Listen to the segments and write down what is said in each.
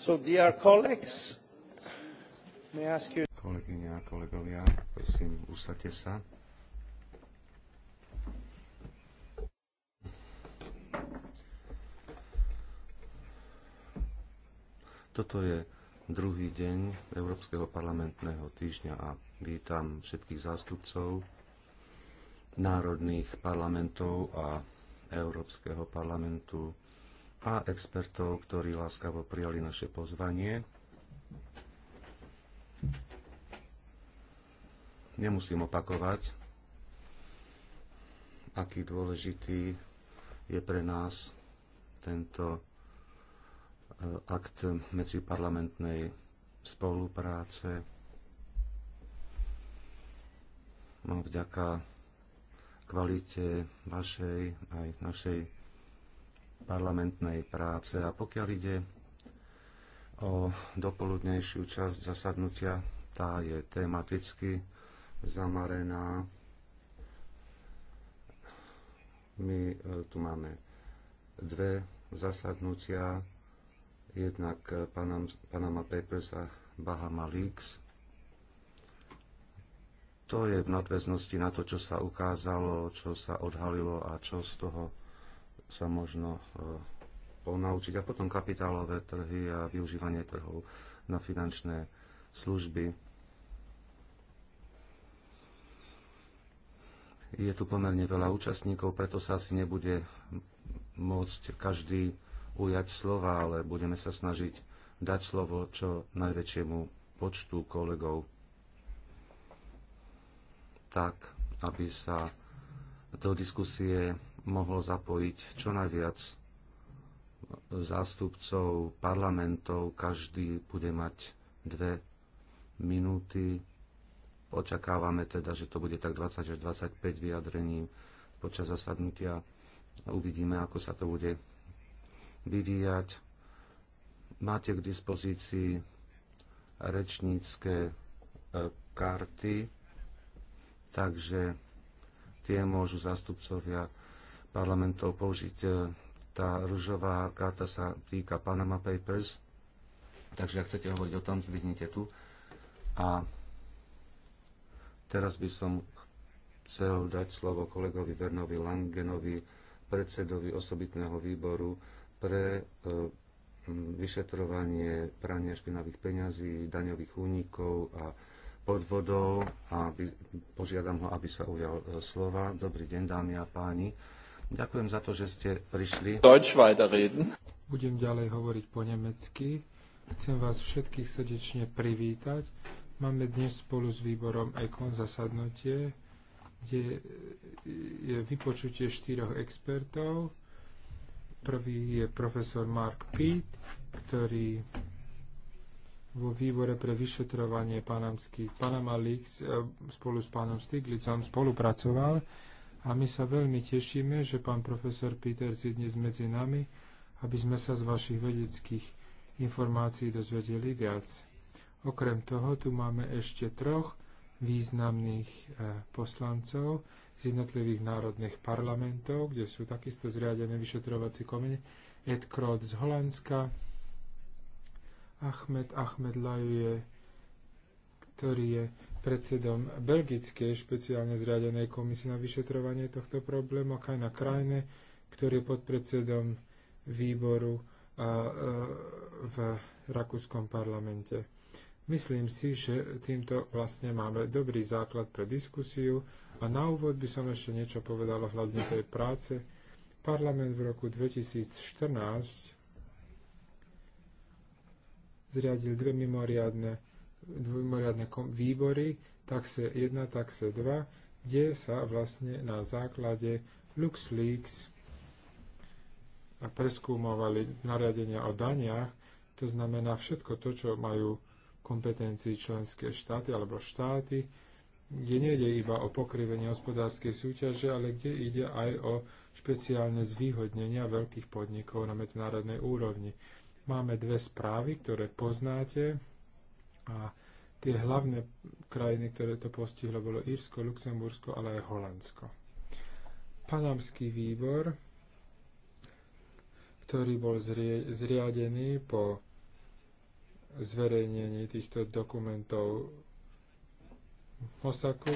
So, Kolegyne a kolegovia, prosím, usadte sa. Toto je druhý deň Európskeho parlamentného týždňa a vítam všetkých zástupcov národných parlamentov a Európskeho parlamentu a expertov, ktorí láskavo prijali naše pozvanie. Nemusím opakovať, aký dôležitý je pre nás tento eh, akt medziparlamentnej spolupráce. No, vďaka kvalite vašej aj našej parlamentnej práce. A pokiaľ ide o dopoludnejšiu časť zasadnutia, tá je tematicky zamarená. My e, tu máme dve zasadnutia, jednak e, Panama Papers a Bahama Leaks. To je v nadväznosti na to, čo sa ukázalo, čo sa odhalilo a čo z toho sa možno e, ponaučiť. A potom kapitálové trhy a využívanie trhov na finančné služby. Je tu pomerne veľa účastníkov, preto sa asi nebude môcť každý ujať slova, ale budeme sa snažiť dať slovo čo najväčšiemu počtu kolegov tak, aby sa do diskusie mohlo zapojiť čo najviac zástupcov parlamentov. Každý bude mať dve minúty. Očakávame teda, že to bude tak 20 až 25 vyjadrení počas zasadnutia. Uvidíme, ako sa to bude vyvíjať. Máte k dispozícii rečnícke e, karty, takže tie môžu zástupcovia parlamentov použiť. E, tá rúžová karta sa týka Panama Papers, takže ak chcete hovoriť o tom, zdvihnite tu. A teraz by som chcel dať slovo kolegovi Vernovi Langenovi, predsedovi osobitného výboru pre e, vyšetrovanie prania špinavých peňazí, daňových únikov a podvodov a požiadam ho, aby sa ujal e, slova. Dobrý deň, dámy a páni. Ďakujem za to, že ste prišli. Deutsch weiterreden. Budem ďalej hovoriť po nemecky. Chcem vás všetkých srdečne privítať. Máme dnes spolu s výborom EKON zasadnutie, kde je vypočutie štyroch expertov. Prvý je profesor Mark Pitt, ktorý vo výbore pre vyšetrovanie panamských Panama Leaks eh, spolu s pánom Stiglicom spolupracoval a my sa veľmi tešíme, že pán profesor Peters je dnes medzi nami, aby sme sa z vašich vedeckých informácií dozvedeli viac. Okrem toho tu máme ešte troch významných e, poslancov z jednotlivých národných parlamentov, kde sú takisto zriadené vyšetrovací komene. Ed Kroth z Holandska, Ahmed Ahmed Lajuje, ktorý je predsedom Belgickej špeciálne zriadenej komisie na vyšetrovanie tohto problému, aj na krajine, ktorý je pod predsedom výboru a, a, v Rakúskom parlamente. Myslím si, že týmto vlastne máme dobrý základ pre diskusiu a na úvod by som ešte niečo povedal ohľadne tej práce. Parlament v roku 2014 zriadil dve mimoriadne dvojmoriadne výbory, taxe 1, taxe 2, kde sa vlastne na základe LuxLeaks preskúmovali nariadenia o daniach, to znamená všetko to, čo majú kompetencii členské štáty alebo štáty, kde nejde iba o pokrivenie hospodárskej súťaže, ale kde ide aj o špeciálne zvýhodnenia veľkých podnikov na medzinárodnej úrovni. Máme dve správy, ktoré poznáte. A tie hlavné krajiny, ktoré to postihlo, bolo Írsko, Luxembursko, ale aj Holandsko. Panamský výbor, ktorý bol zriadený po zverejnení týchto dokumentov Mosaku,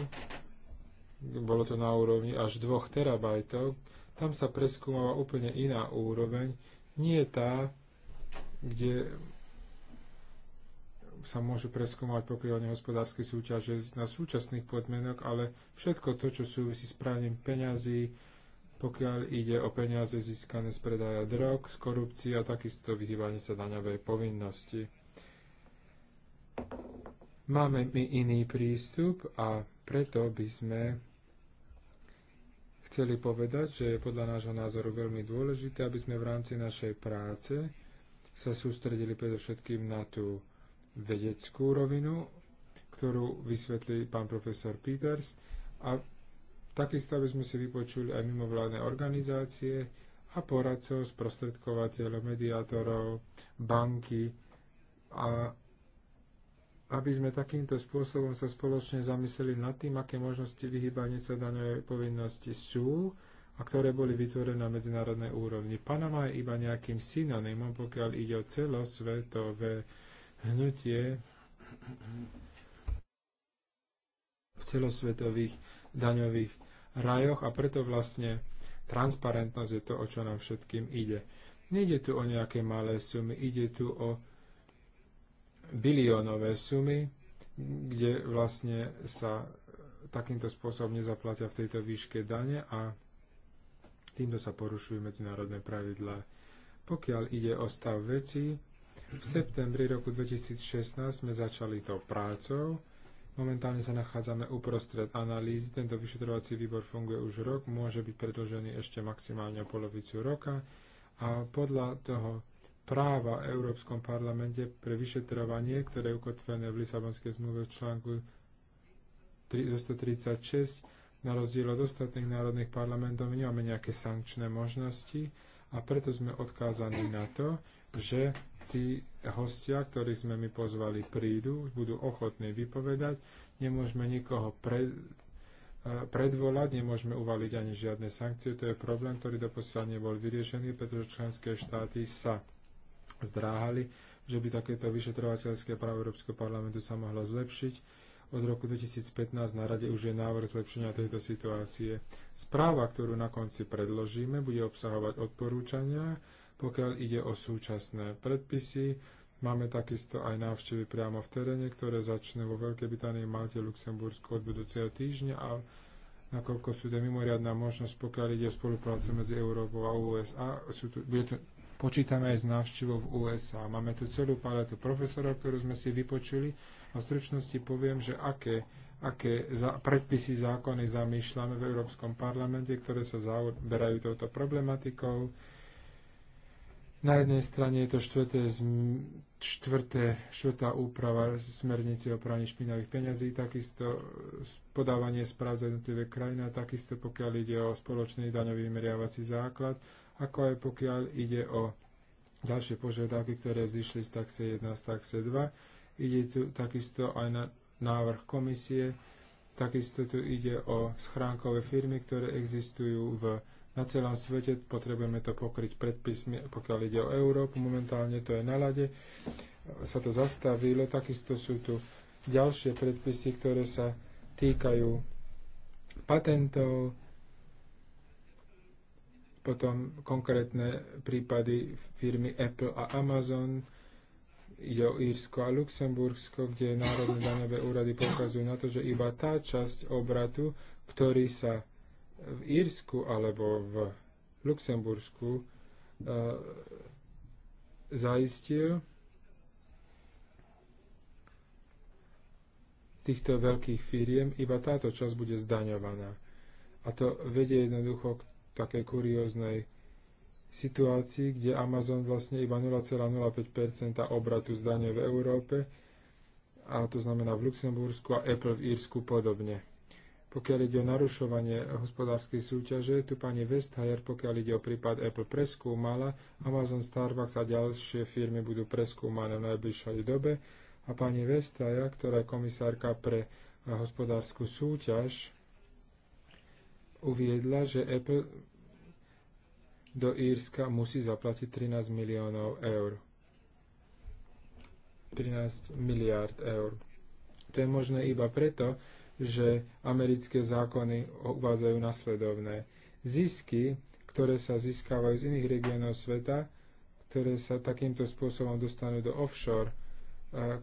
bolo to na úrovni až 2 terabajtov, tam sa preskúmala úplne iná úroveň, nie tá, kde sa môžu preskúmať pokrývanie hospodárskej súťaže na súčasných podmienok, ale všetko to, čo súvisí s praním peňazí, pokiaľ ide o peniaze získané z predaja drog, z korupcie a takisto vyhýbanie sa daňovej povinnosti. Máme my iný prístup a preto by sme chceli povedať, že je podľa nášho názoru veľmi dôležité, aby sme v rámci našej práce sa sústredili predovšetkým na tú vedeckú rovinu, ktorú vysvetlí pán profesor Peters a takisto, by sme si vypočuli aj mimovládne organizácie a poradcov, sprostredkovateľov, mediátorov, banky a aby sme takýmto spôsobom sa spoločne zamysleli nad tým, aké možnosti vyhýbania sa daňovej povinnosti sú a ktoré boli vytvorené na medzinárodnej úrovni. Panama je iba nejakým synonymom, pokiaľ ide o celosvetové hnutie v celosvetových daňových rajoch a preto vlastne transparentnosť je to, o čo nám všetkým ide. Nejde tu o nejaké malé sumy, ide tu o biliónové sumy, kde vlastne sa takýmto spôsobom nezaplatia v tejto výške dane a týmto sa porušujú medzinárodné pravidlá. Pokiaľ ide o stav veci, v septembri roku 2016 sme začali tou prácou. Momentálne sa nachádzame uprostred analýzy. Tento vyšetrovací výbor funguje už rok, môže byť predlžený ešte maximálne o polovicu roka. A podľa toho práva v Európskom parlamente pre vyšetrovanie, ktoré je ukotvené v Lisabonskej zmluve v článku 236, na rozdiel od ostatných národných parlamentov nemáme nejaké sankčné možnosti a preto sme odkázaní na to, že tí hostia, ktorých sme my pozvali, prídu, budú ochotní vypovedať. Nemôžeme nikoho pre, e, predvolať, nemôžeme uvaliť ani žiadne sankcie. To je problém, ktorý doposiaľ nebol vyriešený, pretože členské štáty sa zdráhali, že by takéto vyšetrovateľské právo Európskeho parlamentu sa mohlo zlepšiť. Od roku 2015 na rade už je návrh zlepšenia tejto situácie. Správa, ktorú na konci predložíme, bude obsahovať odporúčania, pokiaľ ide o súčasné predpisy, máme takisto aj návštevy priamo v teréne, ktoré začne vo Veľkej Británii, Malte, Luxembursku od budúceho týždňa a nakoľko sú to mimoriadná možnosť, pokiaľ ide o spoluprácu medzi Európou a USA. Sú tu, bude tu, počítame aj s návštevou v USA. Máme tu celú paletu profesorov, ktorú sme si vypočuli a v stručnosti poviem, že aké, aké za, predpisy zákony zamýšľame v Európskom parlamente, ktoré sa zaoberajú touto problematikou na jednej strane je to štvrté, štvrté, štvrtá úprava smernice o praní špinavých peňazí, takisto podávanie správ za jednotlivé krajiny, takisto pokiaľ ide o spoločný daňový vymeriavací základ, ako aj pokiaľ ide o ďalšie požiadavky, ktoré vzýšli z taxe 1 z taxe 2. Ide tu takisto aj na návrh komisie, takisto tu ide o schránkové firmy, ktoré existujú v na celom svete. Potrebujeme to pokryť predpismi, pokiaľ ide o Európu. Momentálne to je na lade. Sa to zastavilo. Takisto sú tu ďalšie predpisy, ktoré sa týkajú patentov, potom konkrétne prípady firmy Apple a Amazon, ide o Írsko a Luxembursko, kde národné daňové úrady poukazujú na to, že iba tá časť obratu, ktorý sa v Írsku alebo v Luxembursku e, zaistil týchto veľkých firiem, iba táto časť bude zdaňovaná. A to vedie jednoducho k takej kurióznej situácii, kde Amazon vlastne iba 0,05% obratu zdania v Európe, a to znamená v Luxembursku a Apple v Írsku podobne pokiaľ ide o narušovanie hospodárskej súťaže, tu pani Westhajer, pokiaľ ide o prípad Apple, preskúmala, Amazon, Starbucks a ďalšie firmy budú preskúmané v najbližšej dobe a pani Vestaja, ktorá je komisárka pre hospodárskú súťaž, uviedla, že Apple do Írska musí zaplatiť 13 miliónov eur. 13 miliárd eur. To je možné iba preto, že americké zákony uvádzajú nasledovné. Zisky, ktoré sa získavajú z iných regiónov sveta, ktoré sa takýmto spôsobom dostanú do offshore e,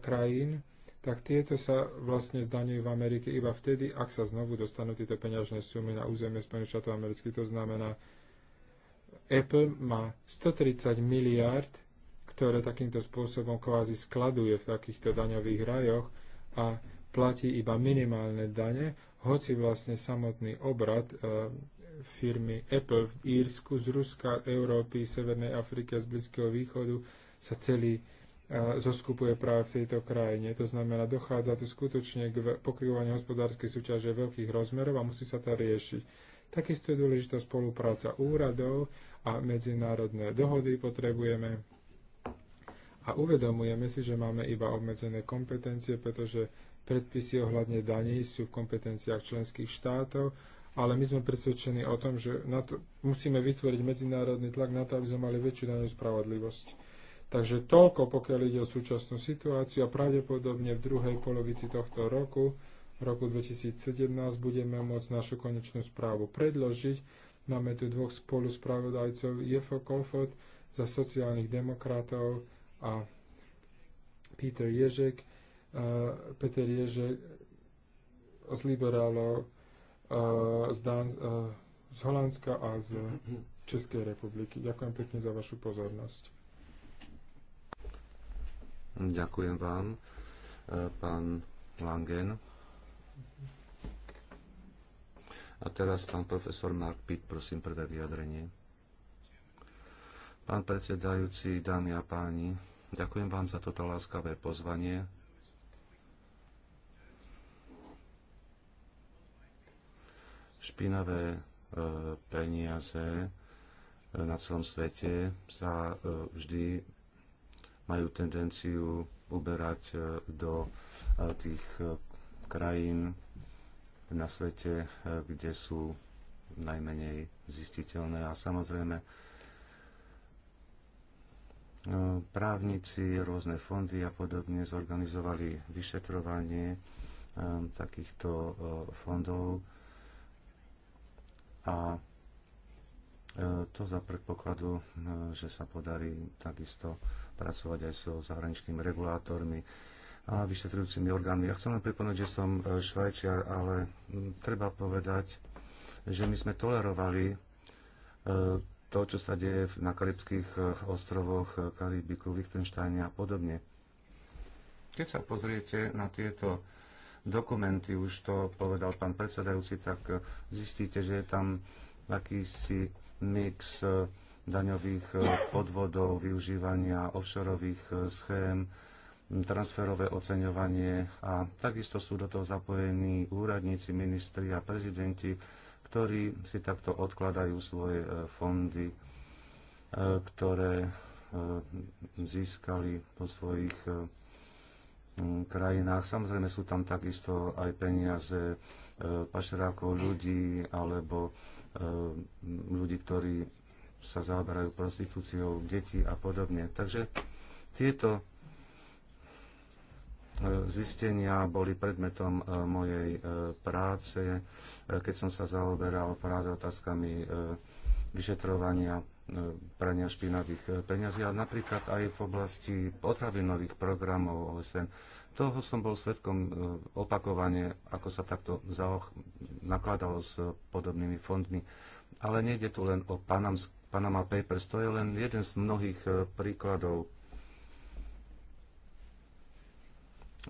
krajín, tak tieto sa vlastne zdaňujú v Amerike iba vtedy, ak sa znovu dostanú tieto peňažné sumy na územie Spojených štátov amerických. To znamená, Apple má 130 miliard, ktoré takýmto spôsobom kvázi skladuje v takýchto daňových rajoch a platí iba minimálne dane, hoci vlastne samotný obrad e, firmy Apple v Írsku, z Ruska, Európy, Severnej Afriky a z Blízkeho východu sa celý e, zoskupuje práve v tejto krajine. To znamená, dochádza tu skutočne k pokrývaniu hospodárskej súťaže veľkých rozmerov a musí sa to riešiť. Takisto je dôležitá spolupráca úradov a medzinárodné dohody potrebujeme. A uvedomujeme si, že máme iba obmedzené kompetencie, pretože Predpisy ohľadne daní sú v kompetenciách členských štátov, ale my sme presvedčení o tom, že na to, musíme vytvoriť medzinárodný tlak na to, aby sme mali väčšiu daňovú spravodlivosť. Takže toľko, pokiaľ ide o súčasnú situáciu a pravdepodobne v druhej polovici tohto roku, roku 2017, budeme môcť našu konečnú správu predložiť. Máme tu dvoch spoluspravodajcov, Jefo Kofod za sociálnych demokratov a Peter Ježek Peter že z liberálov z, Dan- z Holandska a z Českej republiky. Ďakujem pekne za vašu pozornosť. Ďakujem vám, e, pán Langen. A teraz pán profesor Mark Pitt, prosím, prvé vyjadrenie. Pán predsedajúci, dámy a páni, ďakujem vám za toto láskavé pozvanie špinavé e, peniaze e, na celom svete sa e, vždy majú tendenciu uberať do tých krajín na svete, kde sú najmenej zistiteľné. A samozrejme, právnici, rôzne fondy a podobne zorganizovali vyšetrovanie takýchto fondov a e, to za predpokladu, e, že sa podarí takisto pracovať aj so zahraničnými regulátormi a vyšetrujúcimi orgánmi. Ja chcem len pripomenúť, že som e, švajčiar, ale treba povedať, že my sme tolerovali to, čo sa deje na karibských ostrovoch Karibiku, Liechtensteine a podobne. Keď sa pozriete na tieto dokumenty, už to povedal pán predsedajúci, tak e, zistíte, že je tam akýsi mix e, daňových e, podvodov, využívania offshoreových schém, transferové oceňovanie a takisto sú do toho zapojení úradníci, ministri a prezidenti, ktorí si takto odkladajú svoje fondy, ktoré získali po svojich Mm, krajinách. Samozrejme sú tam takisto aj peniaze e, pašerákov ľudí alebo e, ľudí, ktorí sa zaoberajú prostitúciou detí a podobne. Takže tieto e, zistenia boli predmetom mojej práce, keď som sa zaoberal práve otázkami vyšetrovania E, prania špinavých e, peňazí, ale napríklad aj v oblasti potravinových programov OSN. Toho som bol svetkom e, opakovane, ako sa takto zaoch nakladalo s podobnými fondmi. Ale nejde tu len o Panams, Panama Papers, to je len jeden z mnohých príkladov.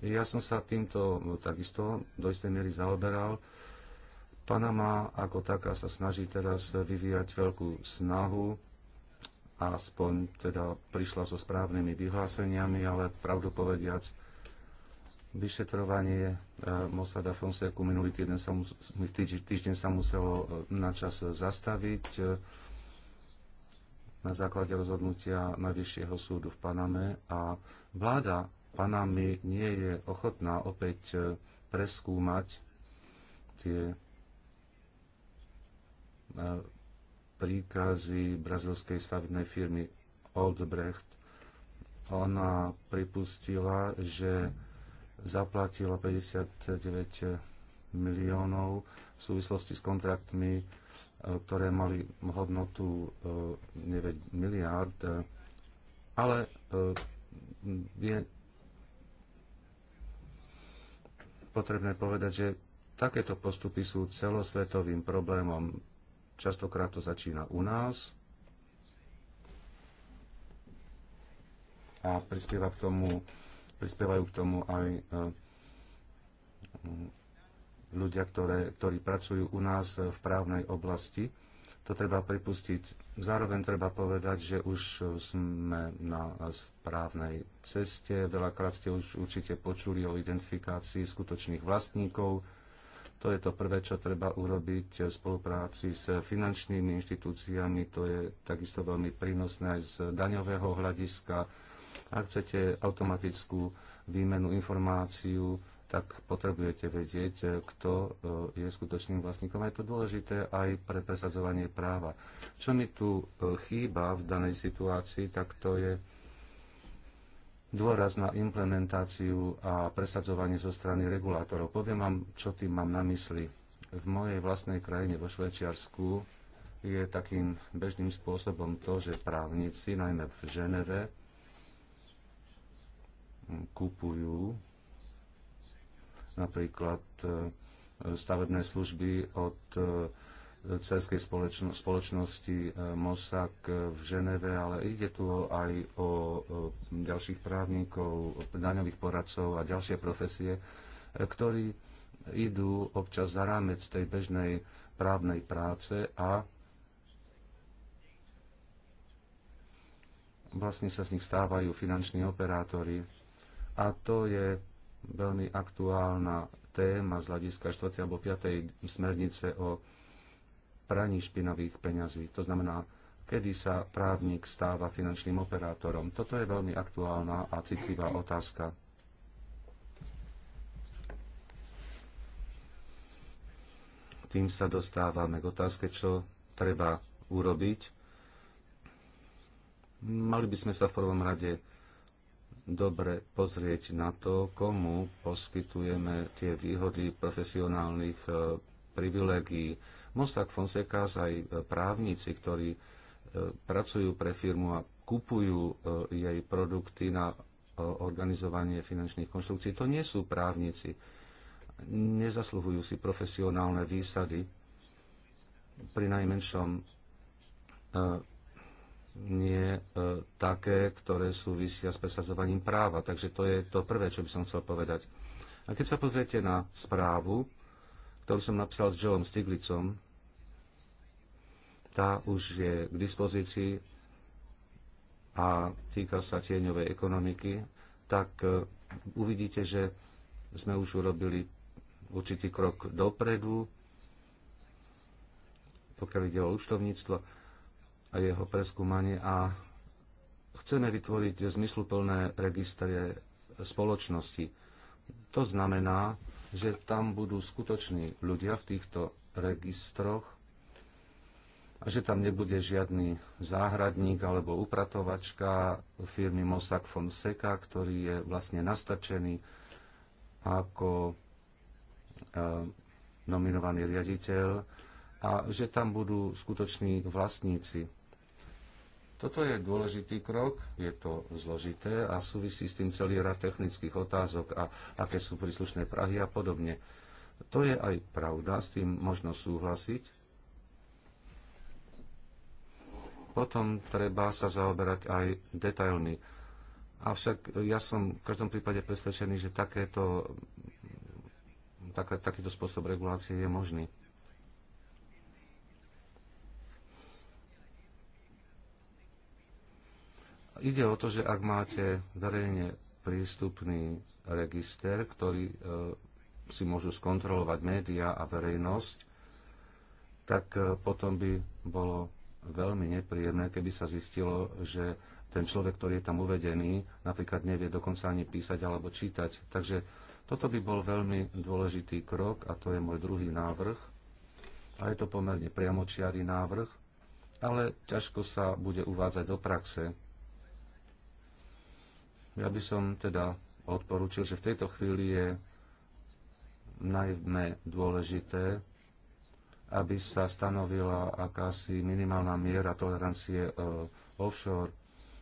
Ja som sa týmto takisto do istej miery zaoberal Panama ako taká sa snaží teraz vyvíjať veľkú snahu, aspoň teda prišla so správnymi vyhláseniami, ale pravdu povediac, vyšetrovanie eh, Mossada Fonseca minulý týždeň sa, mus, týždeň sa muselo eh, na čas zastaviť eh, na základe rozhodnutia Najvyššieho súdu v Paname a vláda Panamy nie je ochotná opäť preskúmať tie príkazy brazilskej stavebnej firmy Oldbrecht. Ona pripustila, že zaplatila 59 miliónov v súvislosti s kontraktmi, e, ktoré mali hodnotu 9 e, miliárd, ale e, je potrebné povedať, že takéto postupy sú celosvetovým problémom Častokrát to začína u nás a prispieva k tomu, prispievajú k tomu aj e, ľudia, ktoré, ktorí pracujú u nás v právnej oblasti. To treba pripustiť. Zároveň treba povedať, že už sme na správnej ceste. Veľakrát ste už určite počuli o identifikácii skutočných vlastníkov to je to prvé, čo treba urobiť v spolupráci s finančnými inštitúciami. To je takisto veľmi prínosné aj z daňového hľadiska. Ak chcete automatickú výmenu informáciu, tak potrebujete vedieť, kto e, je skutočným vlastníkom. A je to dôležité aj pre presadzovanie práva. Čo mi tu e, chýba v danej situácii, tak to je dôraz na implementáciu a presadzovanie zo strany regulátorov. Poviem vám, čo tým mám na mysli. V mojej vlastnej krajine, vo Švečiarsku, je takým bežným spôsobom to, že právnici, najmä v Ženeve, kupujú napríklad e, stavebné služby od e, cerskej spoločno- spoločnosti e, Mossack e, v Ženeve, ale ide tu aj o ďalších právnikov, daňových poradcov a ďalšie profesie, e, ktorí idú občas za rámec tej bežnej právnej práce a vlastne sa z nich stávajú finanční operátori. A to je veľmi aktuálna téma z hľadiska 4. alebo 5. smernice o praní špinavých peňazí. To znamená, kedy sa právnik stáva finančným operátorom. Toto je veľmi aktuálna a citlivá otázka. Tým sa dostávame k otázke, čo treba urobiť. Mali by sme sa v prvom rade dobre pozrieť na to, komu poskytujeme tie výhody profesionálnych eh, privilegií, Mossack Fonseca aj e, právnici, ktorí e, pracujú pre firmu a kupujú e, jej produkty na organizovanie finančných konštrukcií. To nie sú právnici. Nezasluhujú si profesionálne výsady. Pri najmenšom nie také, ktoré súvisia s presadzovaním práva. Takže to je to prvé, čo by som chcel povedať. A keď sa pozriete na správu, ktorú som napísal s Joelom Stiglicom. Tá už je k dispozícii a týka sa tieňovej ekonomiky, tak e, uvidíte, že sme už urobili určitý krok dopredu, pokiaľ ide o účtovníctvo a jeho preskúmanie a chceme vytvoriť zmysluplné registre spoločnosti. To znamená, že tam budú skutoční ľudia v týchto registroch a že tam nebude žiadny záhradník alebo upratovačka firmy Mossack Fonseca, ktorý je vlastne nastačený ako e, nominovaný riaditeľ a že tam budú skutoční vlastníci toto je dôležitý krok, je to zložité a súvisí s tým celý rad technických otázok a aké sú príslušné prahy a podobne. To je aj pravda, s tým možno súhlasiť. Potom treba sa zaoberať aj detailmi. Avšak ja som v každom prípade presvedčený, že takéto, taká, takýto spôsob regulácie je možný. Ide o to, že ak máte verejne prístupný register, ktorý e, si môžu skontrolovať médiá a verejnosť, tak e, potom by bolo veľmi nepríjemné, keby sa zistilo, že ten človek, ktorý je tam uvedený, napríklad nevie dokonca ani písať alebo čítať. Takže toto by bol veľmi dôležitý krok a to je môj druhý návrh. A je to pomerne priamočiarý návrh, ale ťažko sa bude uvádzať do praxe, ja by som teda odporúčil, že v tejto chvíli je najmä dôležité, aby sa stanovila akási minimálna miera tolerancie e, offshore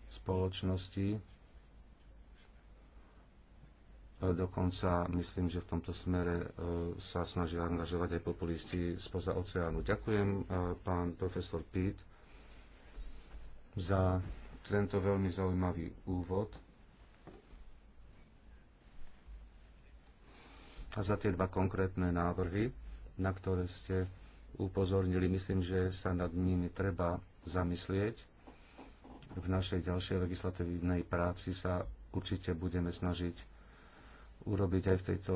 spoločnosti. E, dokonca myslím, že v tomto smere e, sa snažia angažovať aj populisti spoza oceánu. Ďakujem pán profesor Pitt za tento veľmi zaujímavý úvod. a za tie dva konkrétne návrhy, na ktoré ste upozornili. Myslím, že sa nad nimi treba zamyslieť. V našej ďalšej legislatívnej práci sa určite budeme snažiť urobiť aj v tejto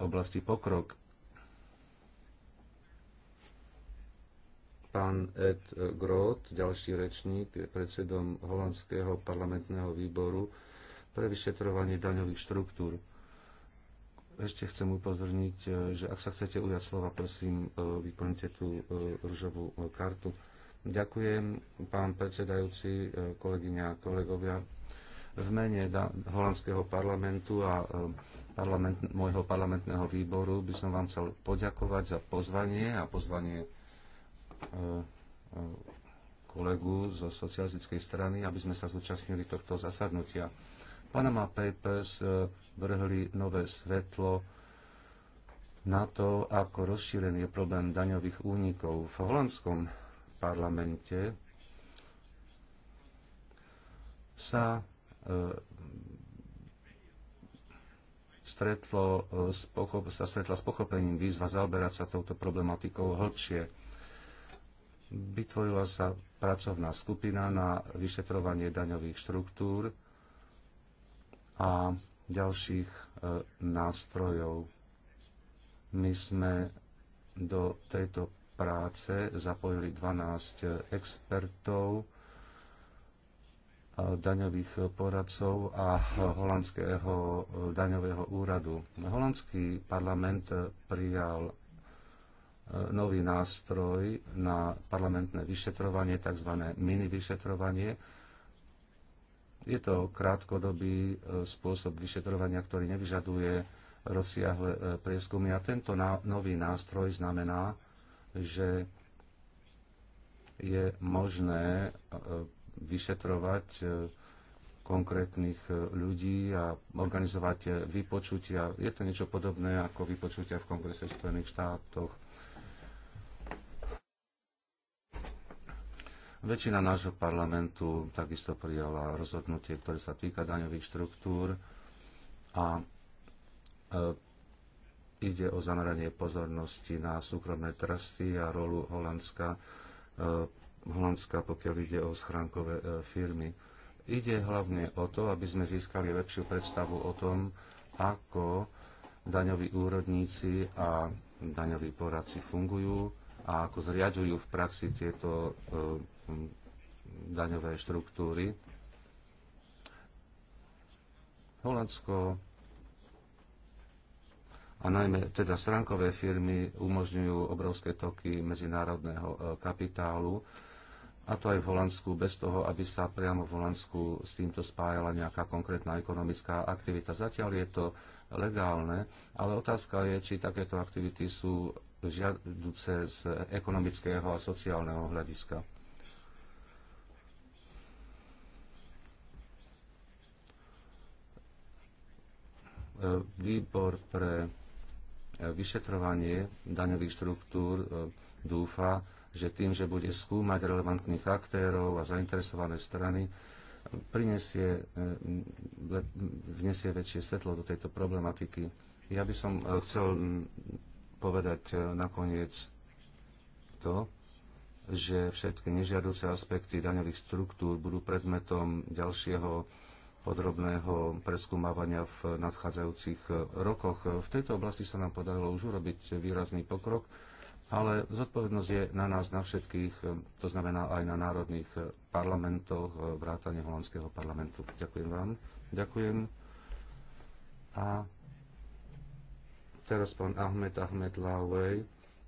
oblasti pokrok. Pán Ed Groth, ďalší rečník, je predsedom holandského parlamentného výboru pre vyšetrovanie daňových štruktúr. Ešte chcem upozorniť, e, že ak sa chcete ujať slova, prosím, e, vyplňte tú e, Ružovú kartu. Ďakujem, pán predsedajúci, kolegyňa a kolegovia. V mene holandského parlamentu a parlament, môjho parlamentného výboru by som vám chcel poďakovať za pozvanie a pozvanie kolegu zo socialistickej strany, aby sme sa zúčastnili tohto zasadnutia. Panama Papers e, vrhli nové svetlo na to, ako rozšírený je problém daňových únikov. V holandskom parlamente sa e, stretlo e, s, pochop, sa stretla s pochopením výzva zaoberať sa touto problematikou hlbšie. Vytvorila sa pracovná skupina na vyšetrovanie daňových štruktúr a ďalších e, nástrojov. My sme do tejto práce zapojili 12 expertov, e, daňových poradcov a holandského e, daňového úradu. Holandský parlament prijal nový nástroj na parlamentné vyšetrovanie, tzv. mini vyšetrovanie, je to krátkodobý e, spôsob vyšetrovania, ktorý nevyžaduje rozsiahle e, prieskumy. A tento nový nástroj znamená, že je možné e, vyšetrovať konkrétnych ľudí a organizovať vypočutia. Je to niečo podobné ako vypočutia v Kongrese Spojených štátoch Väčšina nášho parlamentu takisto prijala rozhodnutie, ktoré sa týka daňových štruktúr a e, ide o zameranie pozornosti na súkromné trsty a rolu Holandska, e, Holandska pokiaľ ide o schránkové e, firmy. Ide hlavne o to, aby sme získali lepšiu predstavu o tom, ako daňoví úrodníci a daňoví poradci fungujú a ako zriadujú v praxi tieto daňové štruktúry. Holandsko a najmä teda stránkové firmy umožňujú obrovské toky medzinárodného e, kapitálu a to aj v Holandsku, bez toho, aby sa priamo v Holandsku s týmto spájala nejaká konkrétna ekonomická aktivita. Zatiaľ je to legálne, ale otázka je, či takéto aktivity sú žiaduce z ekonomického a sociálneho hľadiska. E, výbor pre e, vyšetrovanie daňových štruktúr e, dúfa, že tým, že bude skúmať relevantných aktérov a zainteresované strany, prinesie, vnesie väčšie svetlo do tejto problematiky. Ja by som chcel povedať nakoniec to, že všetky nežiaduce aspekty daňových štruktúr budú predmetom ďalšieho podrobného preskúmavania v nadchádzajúcich eh, rokoch. V tejto oblasti sa nám podarilo už urobiť výrazný pokrok, ale zodpovednosť je na nás, na všetkých, eh, to znamená aj na národných eh, parlamentoch, vrátane holandského parlamentu. Ďakujem vám. Ďakujem. A teraz pán Ahmed Ahmed Lauej,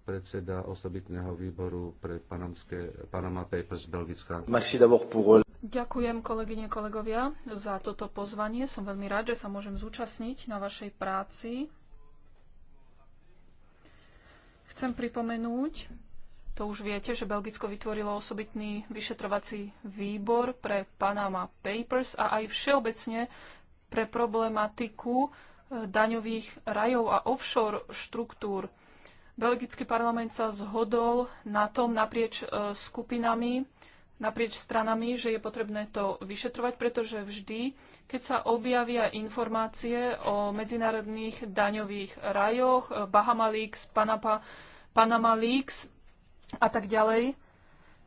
predseda osobitného výboru pre Panamské, Panama Papers Belgická. Merci d'abord pour euh, Ďakujem kolegyne, kolegovia za toto pozvanie. Som veľmi rád, že sa môžem zúčastniť na vašej práci. Chcem pripomenúť, to už viete, že Belgicko vytvorilo osobitný vyšetrovací výbor pre Panama Papers a aj všeobecne pre problematiku eh, daňových rajov a offshore štruktúr. Belgický parlament sa zhodol na tom naprieč eh, skupinami, naprieč stranami, že je potrebné to vyšetrovať, pretože vždy, keď sa objavia informácie o medzinárodných daňových rajoch, Bahama Leaks, Panapa, Panama Leaks a tak ďalej,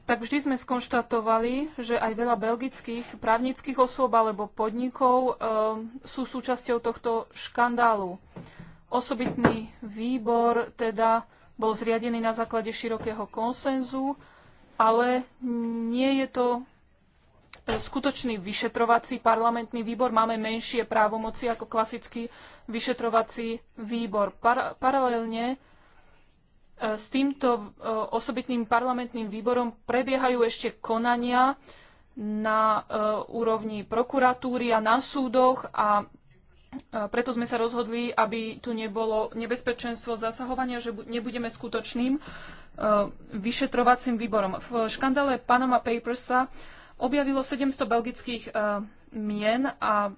tak vždy sme skonštatovali, že aj veľa belgických právnických osôb alebo podnikov e, sú súčasťou tohto škandálu. Osobitný výbor teda bol zriadený na základe širokého konsenzu ale nie je to e, skutočný vyšetrovací parlamentný výbor. Máme menšie právomoci ako klasický vyšetrovací výbor. Par paralelne e, s týmto e, osobitným parlamentným výborom prebiehajú ešte konania na úrovni prokuratúry a na súdoch a preto sme sa rozhodli, aby tu nebolo nebezpečenstvo zasahovania, že nebudeme skutočným E, vyšetrovacím výborom. V škandále Panama Papers sa objavilo 700 belgických e, mien a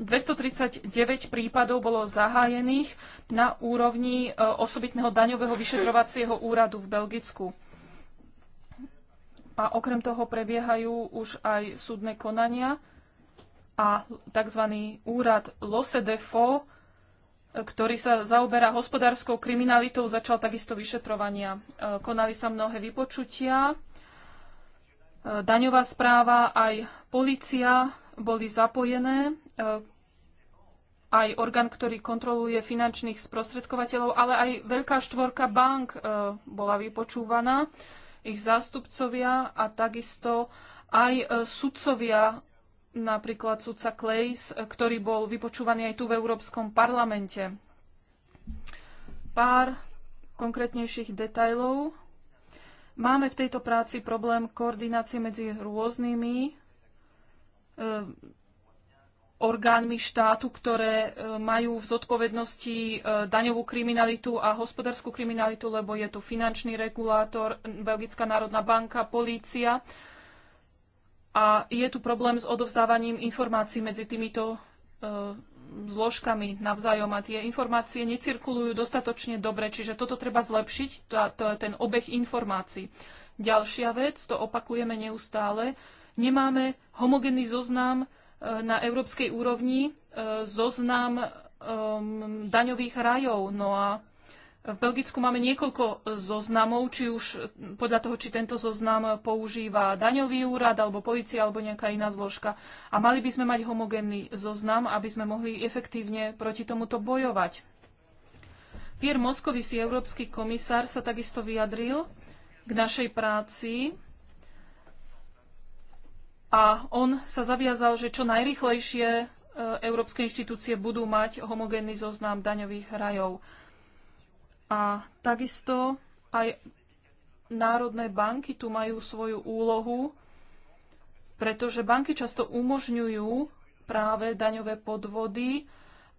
239 e, prípadov bolo zahájených na úrovni osobitného daňového vyšetrovacieho úradu v Belgicku. A okrem toho prebiehajú už aj súdne konania a tzv. úrad Lose Faux ktorý sa zaoberá hospodárskou kriminalitou, začal takisto vyšetrovania. E, konali sa mnohé vypočutia, e, daňová správa, aj policia boli zapojené, e, aj orgán, ktorý kontroluje finančných sprostredkovateľov, ale aj veľká štvorka bank bola vypočúvaná, ich zástupcovia a takisto aj sudcovia napríklad sudca Klejs, ktorý bol vypočúvaný aj tu v Európskom parlamente. Pár konkrétnejších detajlov. Máme v tejto práci problém koordinácie medzi rôznymi e, orgánmi štátu, ktoré e, majú v zodpovednosti e, daňovú kriminalitu a hospodárskú kriminalitu, lebo je tu finančný regulátor, Belgická národná banka, polícia. E, a je tu problém s odovzdávaním informácií medzi týmito e, zložkami navzájom a tie informácie necirkulujú dostatočne dobre, čiže toto treba zlepšiť, to, to, ten obeh informácií. Ďalšia vec, to opakujeme neustále, nemáme homogénny zoznam e, na európskej úrovni, e, zoznam e, daňových rajov. No a v Belgicku máme niekoľko zoznamov, či už podľa toho, či tento zoznam používa daňový úrad, alebo policia, alebo nejaká iná zložka. A mali by sme mať homogénny zoznam, aby sme mohli efektívne proti tomuto bojovať. Pierre Moscovici, európsky komisár, sa takisto vyjadril k našej práci a on sa zaviazal, že čo najrychlejšie e, európske inštitúcie budú mať homogénny zoznam daňových rajov. A takisto aj národné banky tu majú svoju úlohu, pretože banky často umožňujú práve daňové podvody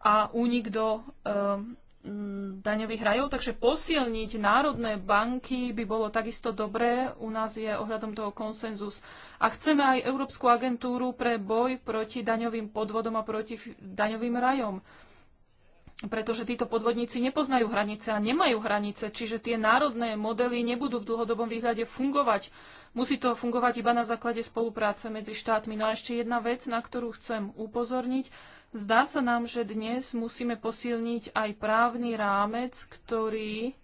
a únik do um, daňových rajov, takže posilniť národné banky by bolo takisto dobré. U nás je ohľadom toho konsenzus. A chceme aj Európsku agentúru pre boj proti daňovým podvodom a proti daňovým rajom pretože títo podvodníci nepoznajú hranice a nemajú hranice, čiže tie národné modely nebudú v dlhodobom výhľade fungovať. Musí to fungovať iba na základe spolupráce medzi štátmi. No a ešte jedna vec, na ktorú chcem upozorniť. Zdá sa nám, že dnes musíme posilniť aj právny rámec, ktorý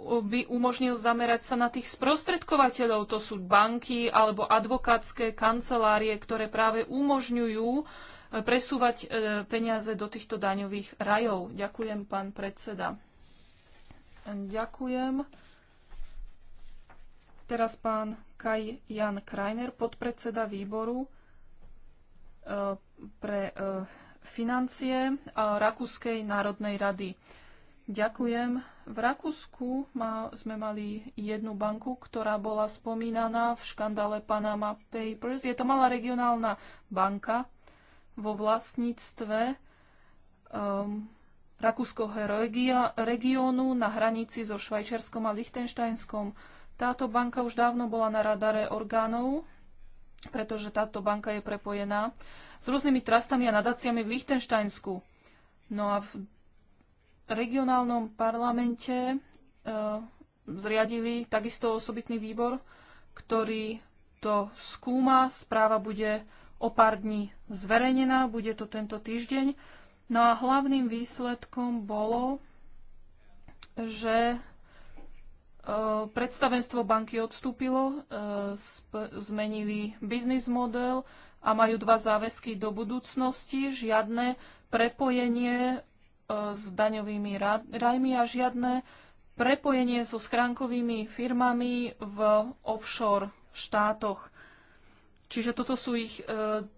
by umožnil zamerať sa na tých sprostredkovateľov. To sú banky alebo advokátske kancelárie, ktoré práve umožňujú presúvať e, peniaze do týchto daňových rajov. Ďakujem, pán predseda. Ďakujem. Teraz pán Kaj Jan Krajner, podpredseda výboru e, pre e, financie Rakúskej národnej rady. Ďakujem. V Rakúsku ma, sme mali jednu banku, ktorá bola spomínaná v škandále Panama Papers. Je to malá regionálna banka, vo vlastníctve um, Rakúskoho regiónu na hranici so Švajčiarskom a Lichtenštajnskom. Táto banka už dávno bola na radare orgánov, pretože táto banka je prepojená s rôznymi trastami a nadáciami v Lichtenštajnsku. No a v regionálnom parlamente e, zriadili takisto osobitný výbor, ktorý to skúma. Správa bude o pár dní zverejnená, bude to tento týždeň. No a hlavným výsledkom bolo, že e, predstavenstvo banky odstúpilo, e, zmenili biznis model a majú dva záväzky do budúcnosti, žiadne prepojenie e, s daňovými rajmi a žiadne prepojenie so skránkovými firmami v offshore štátoch. Čiže toto sú ich e,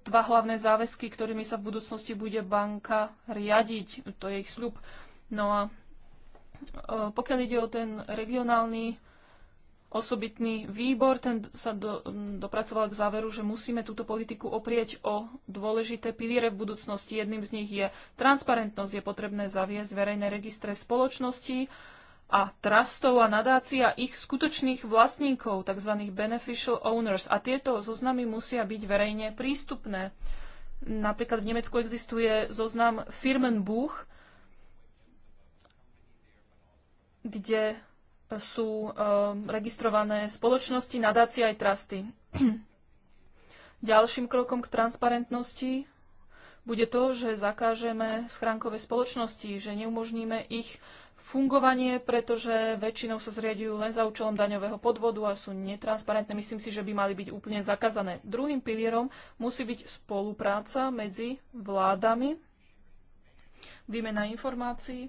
dva hlavné záväzky, ktorými sa v budúcnosti bude banka riadiť. To je ich sľub. No a e, pokiaľ ide o ten regionálny osobitný výbor, ten sa do, dopracoval k záveru, že musíme túto politiku oprieť o dôležité piliere v budúcnosti. Jedným z nich je transparentnosť. Je potrebné zaviesť verejné registre spoločnosti, a trustov a nadácia ich skutočných vlastníkov, tzv. beneficial owners. A tieto zoznamy musia byť verejne prístupné. Napríklad v Nemecku existuje zoznam Firmenbuch, kde sú um, registrované spoločnosti, nadácie aj trusty. Ďalším krokom k transparentnosti bude to, že zakážeme schránkové spoločnosti, že neumožníme ich fungovanie, pretože väčšinou sa zriadujú len za účelom daňového podvodu a sú netransparentné. Myslím si, že by mali byť úplne zakázané. Druhým pilierom musí byť spolupráca medzi vládami, výmena informácií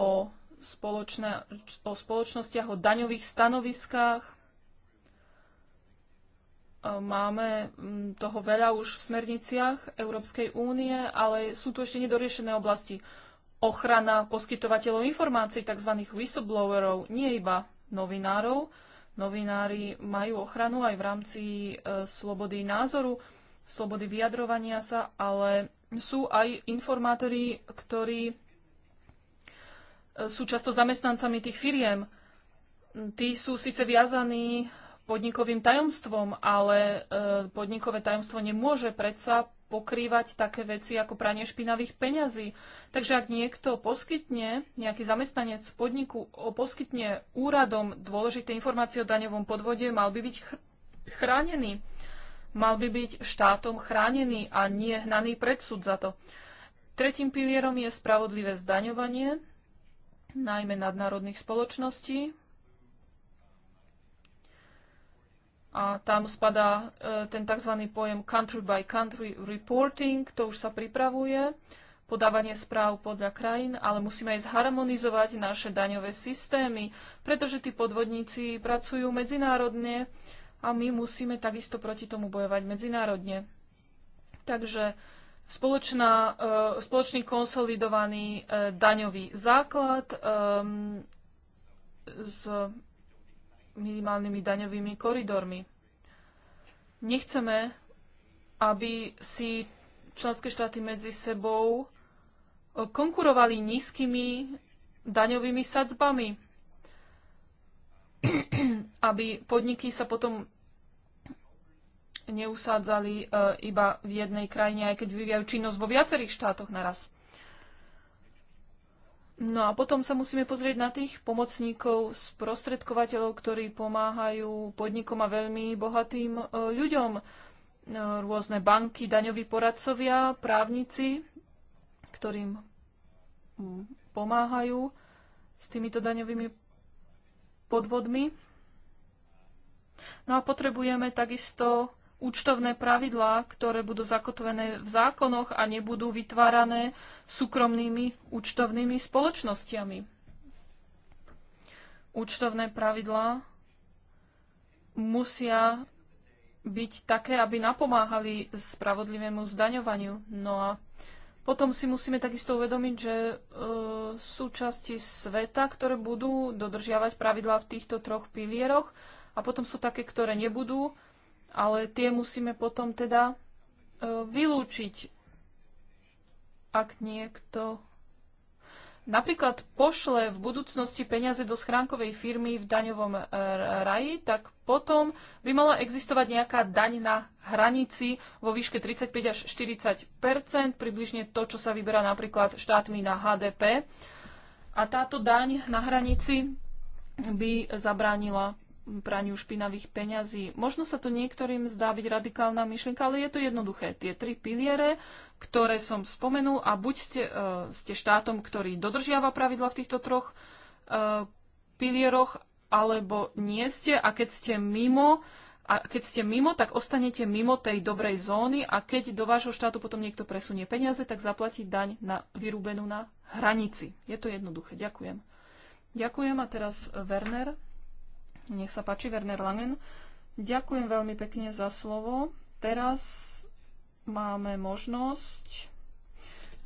o, spoločne, o spoločnostiach, o daňových stanoviskách. Máme mm, toho veľa už v smerniciach Európskej únie, ale sú tu ešte nedoriešené oblasti ochrana poskytovateľov informácií, tzv. whistleblowerov, nie iba novinárov. Novinári majú ochranu aj v rámci e, slobody názoru, slobody vyjadrovania sa, ale sú aj informátori, ktorí e, sú často zamestnancami tých firiem. Tí sú síce viazaní podnikovým tajomstvom, ale e, podnikové tajomstvo nemôže predsa pokrývať také veci ako pranie špinavých peňazí. Takže ak niekto poskytne, nejaký zamestnanec podniku poskytne úradom dôležité informácie o daňovom podvode, mal by byť chr chránený. Mal by byť štátom chránený a nie hnaný predsud za to. Tretím pilierom je spravodlivé zdaňovanie, najmä nadnárodných spoločností, a tam spadá e, ten tzv. pojem country by country reporting, to už sa pripravuje, podávanie správ podľa krajín, ale musíme aj zharmonizovať naše daňové systémy, pretože tí podvodníci pracujú medzinárodne a my musíme takisto proti tomu bojovať medzinárodne. Takže spoločná, e, spoločný konsolidovaný e, daňový základ s minimálnymi daňovými koridormi. Nechceme, aby si členské štáty medzi sebou e, konkurovali nízkymi daňovými sadzbami, aby podniky sa potom neusádzali e, iba v jednej krajine, aj keď vyvíjajú činnosť vo viacerých štátoch naraz. No a potom sa musíme pozrieť na tých pomocníkov, sprostredkovateľov, ktorí pomáhajú podnikom a veľmi bohatým e, ľuďom. E, rôzne banky, daňoví poradcovia, právnici, ktorým pomáhajú s týmito daňovými podvodmi. No a potrebujeme takisto účtovné pravidlá, ktoré budú zakotvené v zákonoch a nebudú vytvárané súkromnými účtovnými spoločnosťami. Účtovné pravidlá musia byť také, aby napomáhali spravodlivému zdaňovaniu. No a potom si musíme takisto uvedomiť, že e, sú časti sveta, ktoré budú dodržiavať pravidlá v týchto troch pilieroch a potom sú také, ktoré nebudú ale tie musíme potom teda e, vylúčiť, ak niekto napríklad pošle v budúcnosti peniaze do schránkovej firmy v daňovom e, raji, tak potom by mala existovať nejaká daň na hranici vo výške 35 až 40 približne to, čo sa vyberá napríklad štátmi na HDP. A táto daň na hranici by zabránila praniu špinavých peňazí. Možno sa to niektorým zdá byť radikálna myšlienka, ale je to jednoduché. Tie tri piliere, ktoré som spomenul, a buď ste, uh, ste štátom, ktorý dodržiava pravidla v týchto troch uh, pilieroch, alebo nie ste. A keď ste mimo, a keď ste mimo, tak ostanete mimo tej dobrej zóny a keď do vášho štátu potom niekto presunie peniaze, tak zaplatí daň na vyrúbenú na hranici. Je to jednoduché. Ďakujem. Ďakujem a teraz Werner. Nech sa páči, Werner Langen. Ďakujem veľmi pekne za slovo. Teraz máme možnosť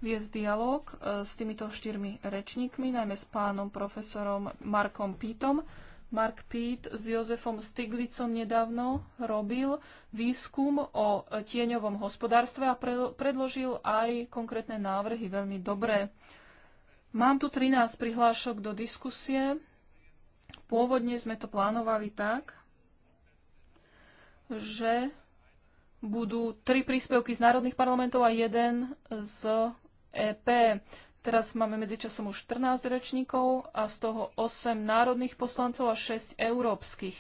viesť dialog eh, s týmito štyrmi rečníkmi, najmä s pánom profesorom Markom Pítom. Mark Pít s Jozefom Stiglicom nedávno robil výskum o tieňovom hospodárstve a predložil aj konkrétne návrhy veľmi dobré. Mám tu 13 prihlášok do diskusie. Pôvodne sme to plánovali tak, že budú tri príspevky z národných parlamentov a jeden z EP. Teraz máme medzičasom už 14 rečníkov a z toho 8 národných poslancov a 6 európskych.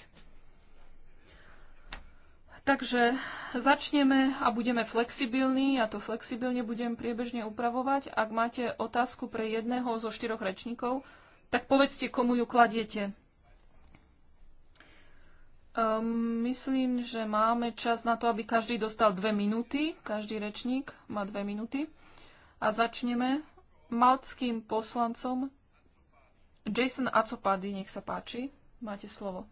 Takže začneme a budeme flexibilní. Ja to flexibilne budem priebežne upravovať. Ak máte otázku pre jedného zo štyroch rečníkov, tak povedzte, komu ju kladiete. Um, myslím, že máme čas na to, aby každý dostal dve minúty. Každý rečník má dve minúty. A začneme maltským poslancom Jason Acopady, nech sa páči. Máte slovo.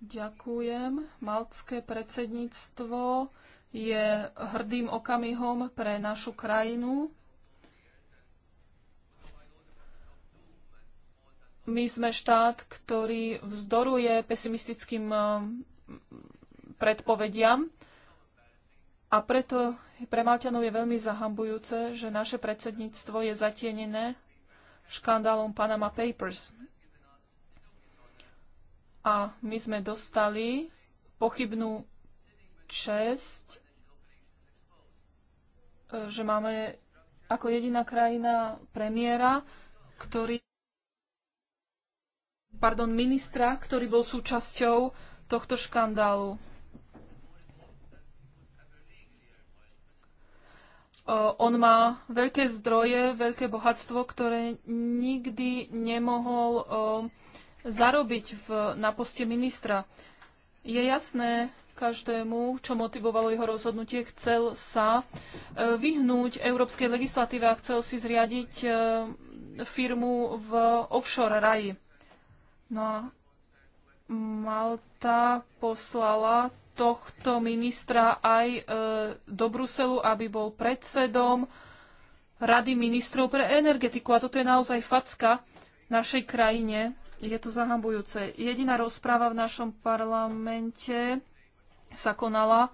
Ďakujem. Maltské predsedníctvo je hrdým okamihom pre našu krajinu. My sme štát, ktorý vzdoruje pesimistickým eh, predpovediam a preto pre Malťanov je veľmi zahambujúce, že naše predsedníctvo je zatienené škandálom Panama Papers. A my sme dostali pochybnú čest, eh, že máme ako jediná krajina premiéra, ktorý pardon, ministra, ktorý bol súčasťou tohto škandálu. On má veľké zdroje, veľké bohatstvo, ktoré nikdy nemohol zarobiť v, na poste ministra. Je jasné každému, čo motivovalo jeho rozhodnutie, chcel sa e, vyhnúť európskej legislatíve a chcel si zriadiť e, firmu v offshore raji. No a Malta poslala tohto ministra aj e, do Bruselu, aby bol predsedom Rady ministrov pre energetiku. A toto je naozaj facka našej krajine. Je to zahambujúce. Jediná rozpráva v našom parlamente sa konala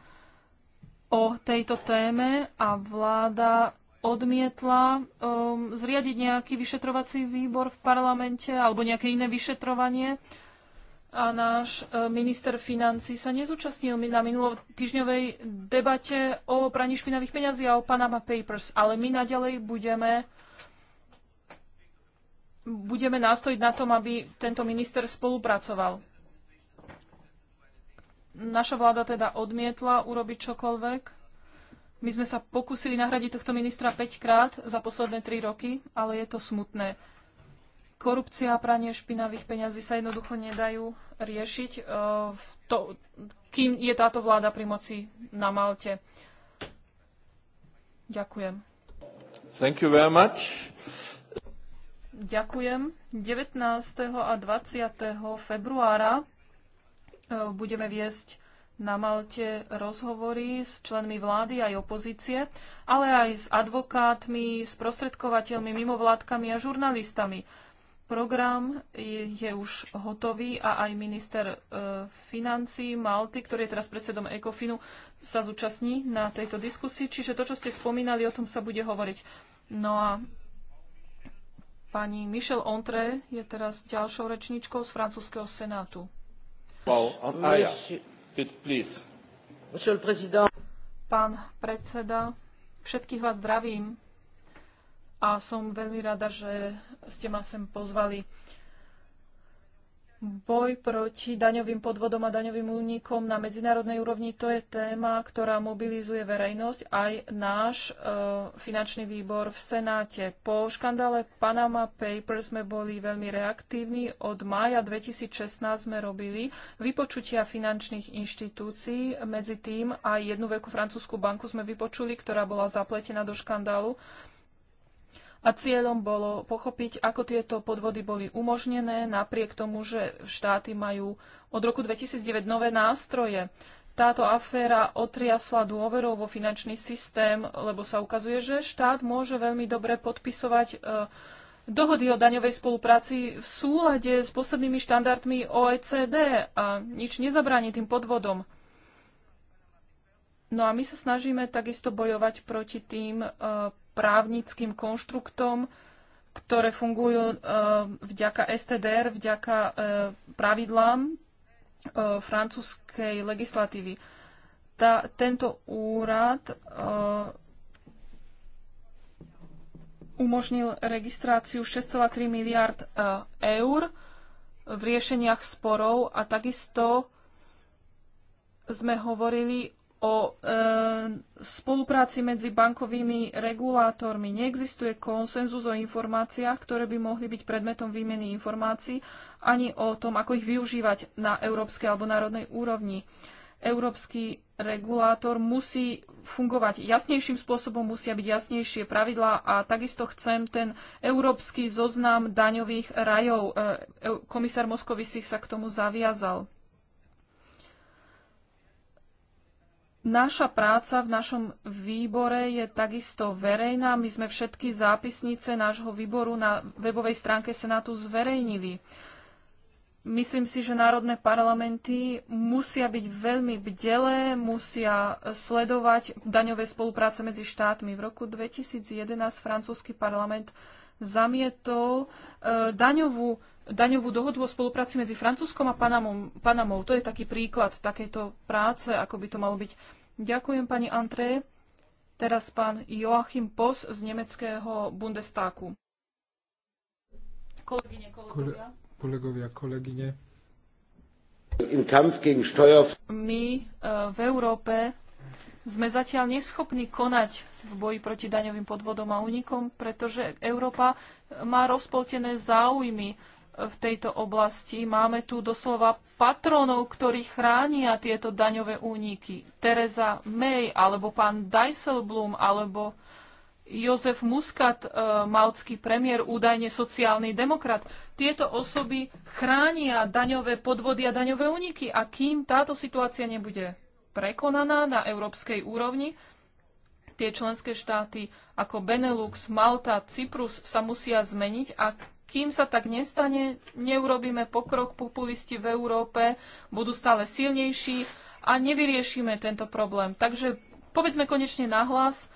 o tejto téme a vláda odmietla um, zriadiť nejaký vyšetrovací výbor v parlamente alebo nejaké iné vyšetrovanie. A náš e, minister financí sa nezúčastnil na minulotýžňovej debate o praní špinavých peňazí a o Panama Papers, ale my naďalej budeme budeme nástojiť na tom, aby tento minister spolupracoval. Naša vláda teda odmietla urobiť čokoľvek my sme sa pokúsili nahradiť tohto ministra 5 krát za posledné 3 roky, ale je to smutné. Korupcia a pranie špinavých peňazí sa jednoducho nedajú riešiť, e, to, kým je táto vláda pri moci na Malte. Ďakujem. Thank you very much. Ďakujem. 19. a 20. februára e, budeme viesť na Malte rozhovory s členmi vlády aj opozície, ale aj s advokátmi, s prostredkovateľmi, mimovládkami a žurnalistami. Program je, je už hotový a aj minister e, financí Malty, ktorý je teraz predsedom ECOFINu, sa zúčastní na tejto diskusii. Čiže to, čo ste spomínali, o tom sa bude hovoriť. No a pani Michel Ontre je teraz ďalšou rečníčkou z francúzského senátu. Pán predseda, všetkých vás zdravím a som veľmi rada, že ste ma sem pozvali. Boj proti daňovým podvodom a daňovým únikom na medzinárodnej úrovni to je téma, ktorá mobilizuje verejnosť aj náš e, finančný výbor v Senáte. Po škandále Panama Papers sme boli veľmi reaktívni. Od mája 2016 sme robili vypočutia finančných inštitúcií. Medzi tým aj jednu veľkú francúzsku banku sme vypočuli, ktorá bola zapletená do škandálu a cieľom bolo pochopiť, ako tieto podvody boli umožnené, napriek tomu, že štáty majú od roku 2009 nové nástroje. Táto aféra otriasla dôverou vo finančný systém, lebo sa ukazuje, že štát môže veľmi dobre podpisovať e, dohody o daňovej spolupráci v súlade s poslednými štandardmi OECD a nič nezabráni tým podvodom. No a my sa snažíme takisto bojovať proti tým e, právnickým konštruktom, ktoré fungujú e, vďaka STDR, vďaka e, pravidlám e, francúzskej legislatívy. Tá, tento úrad umožnil registráciu 6,3 miliard eur v riešeniach sporov a takisto sme hovorili o e, spolupráci medzi bankovými regulátormi. Neexistuje konsenzus o informáciách, ktoré by mohli byť predmetom výmeny informácií, ani o tom, ako ich využívať na európskej alebo národnej úrovni. Európsky regulátor musí fungovať jasnejším spôsobom, musia byť jasnejšie pravidlá a takisto chcem ten európsky zoznam daňových rajov. E, e komisár Moskovisich sa k tomu zaviazal. Naša práca v našom výbore je takisto verejná. My sme všetky zápisnice nášho výboru na webovej stránke Senátu zverejnili. Myslím si, že národné parlamenty musia byť veľmi bdelé, musia sledovať daňové spolupráce medzi štátmi. V roku 2011 francúzsky parlament zamietol e, daňovú daňovú dohodu o spolupráci medzi Francúzskom a Panamom, Panamou. To je taký príklad takejto práce, ako by to malo byť. Ďakujem pani André. Teraz pán Joachim Pos z nemeckého Bundestáku. Kolegyne, kolegovia. kolegovia, kolegyne. My eh, v Európe sme zatiaľ neschopní konať v boji proti daňovým podvodom a únikom, pretože Európa má rozpoltené záujmy v tejto oblasti. Máme tu doslova patronov, ktorí chránia tieto daňové úniky. Teresa May, alebo pán Dijsselblum, alebo Jozef Muscat, e, malcký premiér, údajne sociálny demokrat. Tieto osoby chránia daňové podvody a daňové úniky a kým táto situácia nebude prekonaná na európskej úrovni, tie členské štáty ako Benelux, Malta, Cyprus sa musia zmeniť a kým sa tak nestane, neurobíme pokrok, populisti v Európe budú stále silnejší a nevyriešime tento problém. Takže povedzme konečne nahlas,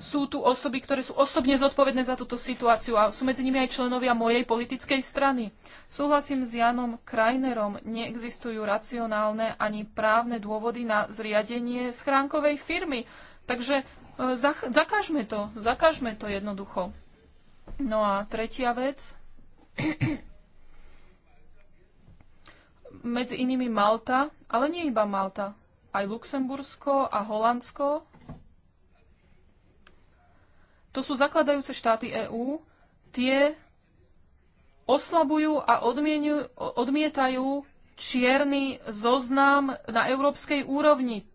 sú tu osoby, ktoré sú osobne zodpovedné za túto situáciu a sú medzi nimi aj členovia mojej politickej strany. Súhlasím s Janom Krajnerom, neexistujú racionálne ani právne dôvody na zriadenie schránkovej firmy. Takže e, zakažme to, zakažme to jednoducho. No a tretia vec. Medzi inými Malta, ale nie iba Malta. Aj Luxembursko a Holandsko. To sú zakladajúce štáty EÚ. Tie oslabujú a odmietajú čierny zoznam na európskej úrovni,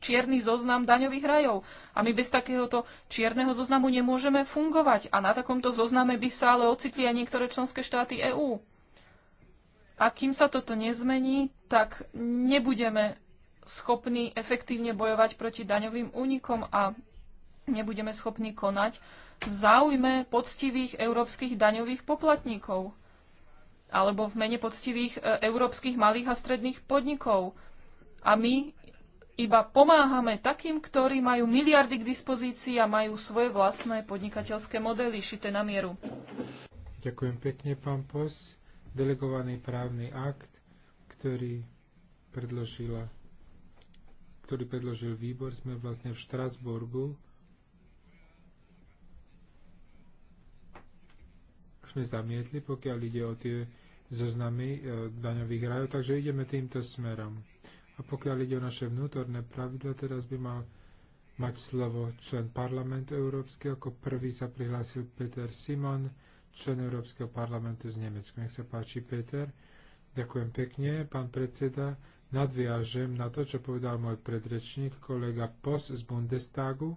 čierny zoznam daňových rajov. A my bez takéhoto čierneho zoznamu nemôžeme fungovať. A na takomto zozname by sa ale ocitli aj niektoré členské štáty EÚ. A kým sa toto nezmení, tak nebudeme schopní efektívne bojovať proti daňovým únikom a nebudeme schopní konať v záujme poctivých európskych daňových poplatníkov alebo v mene poctivých e, európskych malých a stredných podnikov. A my iba pomáhame takým, ktorí majú miliardy k dispozícii a majú svoje vlastné podnikateľské modely šité na mieru. Ďakujem pekne, pán Pos. Delegovaný právny akt, ktorý, predložila, ktorý predložil výbor, sme vlastne v Štrasburgu sme zamietli, pokiaľ ide o tie zoznamy e, daňových rajov, takže ideme týmto smerom. A pokiaľ ide o naše vnútorné pravidla, teraz by mal mať slovo člen parlamentu Európskeho. Ako prvý sa prihlásil Peter Simon, člen Európskeho parlamentu z Nemecka. Nech sa páči, Peter. Ďakujem pekne, pán predseda. Nadviažem na to, čo povedal môj predrečník, kolega Pos z Bundestagu.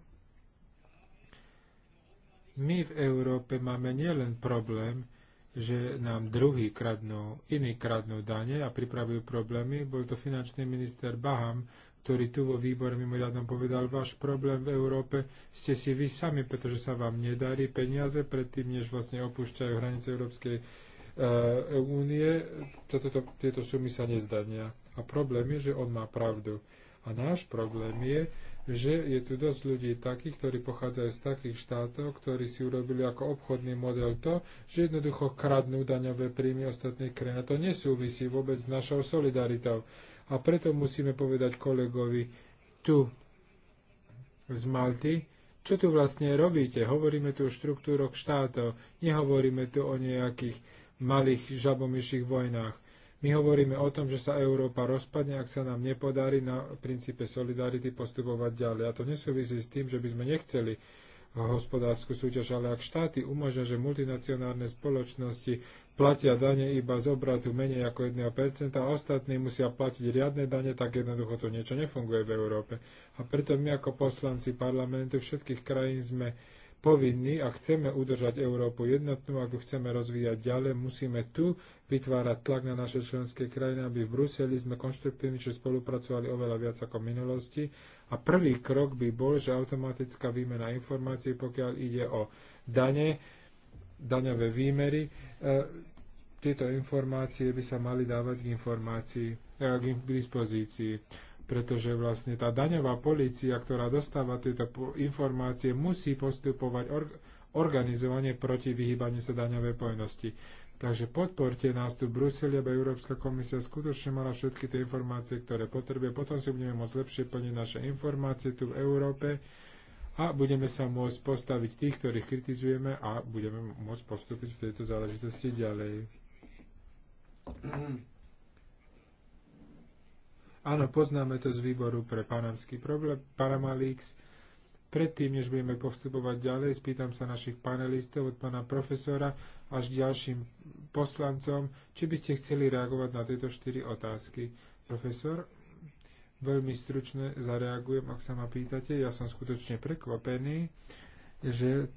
My v Európe máme nielen problém že nám druhý kradnú, iný kradnú dane a pripravujú problémy. Bol to finančný minister Baham, ktorý tu vo výbore ľadom povedal, váš problém v Európe ste si vy sami, pretože sa vám nedarí peniaze predtým, než vlastne opúšťajú hranice Európskej eh, únie. E, tieto sumy sa nezdania. A problém je, že on má pravdu. A náš problém je, že je tu dosť ľudí takých, ktorí pochádzajú z takých štátov, ktorí si urobili ako obchodný model to, že jednoducho kradnú daňové príjmy ostatných krajín. A to nesúvisí vôbec s našou solidaritou. A preto musíme povedať kolegovi tu z Malty, čo tu vlastne robíte. Hovoríme tu o štruktúroch štátov, nehovoríme tu o nejakých malých žabomyších vojnách. My hovoríme o tom, že sa Európa rozpadne, ak sa nám nepodarí na princípe solidarity postupovať ďalej. A to nesúvisí s tým, že by sme nechceli hospodárskú súťaž, ale ak štáty umožňa, že multinacionálne spoločnosti platia dane iba z obratu menej ako 1% a ostatní musia platiť riadne dane, tak jednoducho to niečo nefunguje v Európe. A preto my ako poslanci parlamentu všetkých krajín sme povinní, ak chceme udržať Európu jednotnú, ak ju chceme rozvíjať ďalej, musíme tu vytvárať tlak na naše členské krajiny, aby v Bruseli sme konštruktívne spolupracovali oveľa viac ako v minulosti. A prvý krok by bol, že automatická výmena informácií, pokiaľ ide o dane, daňové výmery, e, tieto informácie by sa mali dávať k informácii, e, k dispozícii pretože vlastne tá daňová policia, ktorá dostáva tieto informácie, musí postupovať or- organizovanie proti vyhýbaniu sa daňovej povinnosti. Takže podporte nás tu v Bruseli, aby Európska komisia skutočne mala všetky tie informácie, ktoré potrebuje. Potom si budeme môcť lepšie plniť naše informácie tu v Európe a budeme sa môcť postaviť tých, ktorých kritizujeme a budeme môcť postúpiť v tejto záležitosti ďalej. Áno, poznáme to z výboru pre panamský problém, Paramalix. Predtým, než budeme postupovať ďalej, spýtam sa našich panelistov od pána profesora až ďalším poslancom, či by ste chceli reagovať na tieto štyri otázky. Profesor, veľmi stručne zareagujem, ak sa ma pýtate. Ja som skutočne prekvapený, že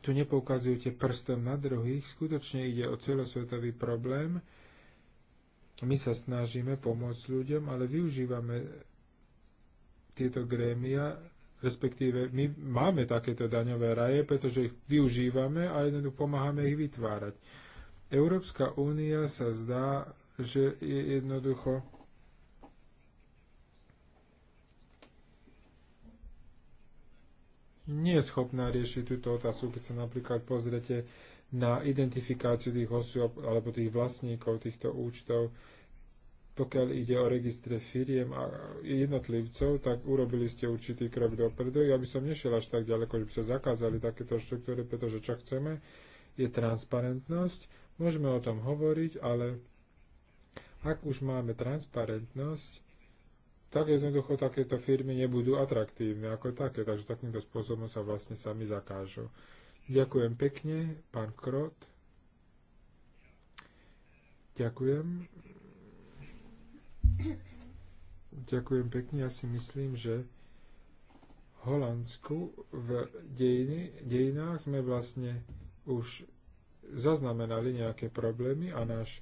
tu nepoukazujete prstom na druhých. Skutočne ide o celosvetový problém my sa snažíme pomôcť ľuďom, ale využívame tieto grémia, respektíve my máme takéto daňové raje, pretože ich využívame a jednoducho pomáhame ich vytvárať. Európska únia sa zdá, že je jednoducho nie je schopná riešiť túto otázku, keď sa napríklad pozrete na identifikáciu tých osôb alebo tých vlastníkov týchto účtov. Pokiaľ ide o registre firiem a jednotlivcov, tak urobili ste určitý krok dopredu. Ja by som nešiel až tak ďaleko, že by sa zakázali takéto štruktúry, pretože čo chceme, je transparentnosť. Môžeme o tom hovoriť, ale ak už máme transparentnosť, tak jednoducho takéto firmy nebudú atraktívne ako také, takže takýmto spôsobom sa vlastne sami zakážu. Ďakujem pekne, pán Krot. Ďakujem. Ďakujem pekne. Ja si myslím, že v Holandsku v dejiny, dejinách sme vlastne už zaznamenali nejaké problémy a náš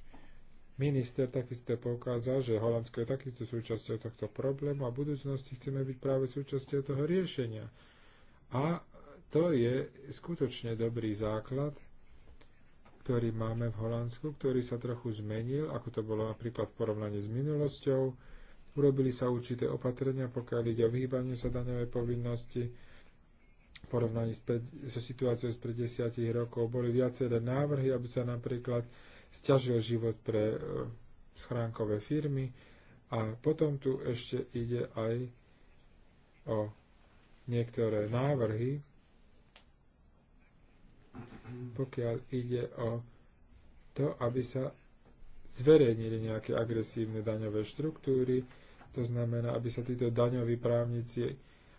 minister takisto poukázal, že Holandsko je takisto súčasťou tohto problému a v budúcnosti chceme byť práve súčasťou toho riešenia. A to je skutočne dobrý základ, ktorý máme v Holandsku, ktorý sa trochu zmenil, ako to bolo napríklad v porovnaní s minulosťou. Urobili sa určité opatrenia, pokiaľ ide o vyhýbanie sa daňovej povinnosti. V porovnaní so situáciou spred desiatich rokov boli viaceré návrhy, aby sa napríklad stiažil život pre e, schránkové firmy. A potom tu ešte ide aj o niektoré návrhy, pokiaľ ide o to, aby sa zverejnili nejaké agresívne daňové štruktúry, to znamená, aby sa títo daňoví právnici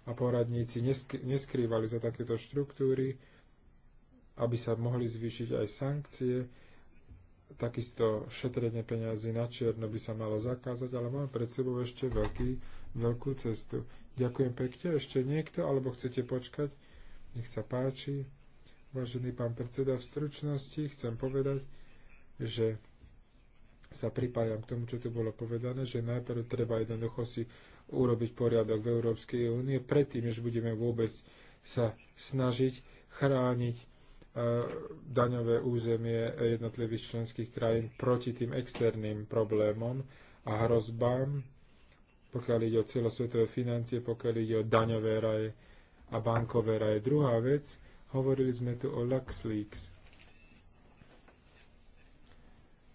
a poradníci neskrývali za takéto štruktúry, aby sa mohli zvýšiť aj sankcie, takisto šetrenie peňazí na čierno by sa malo zakázať, ale máme pred sebou ešte veľký, veľkú cestu. Ďakujem pekne. Ešte niekto, alebo chcete počkať? Nech sa páči. Vážený pán predseda, v stručnosti chcem povedať, že sa pripájam k tomu, čo tu bolo povedané, že najprv treba jednoducho si urobiť poriadok v Európskej únie, predtým, než budeme vôbec sa snažiť chrániť e, daňové územie jednotlivých členských krajín proti tým externým problémom a hrozbám, pokiaľ ide o celosvetové financie, pokiaľ ide o daňové raje a bankové raje. Druhá vec, Hovorili sme tu o LuxLeaks.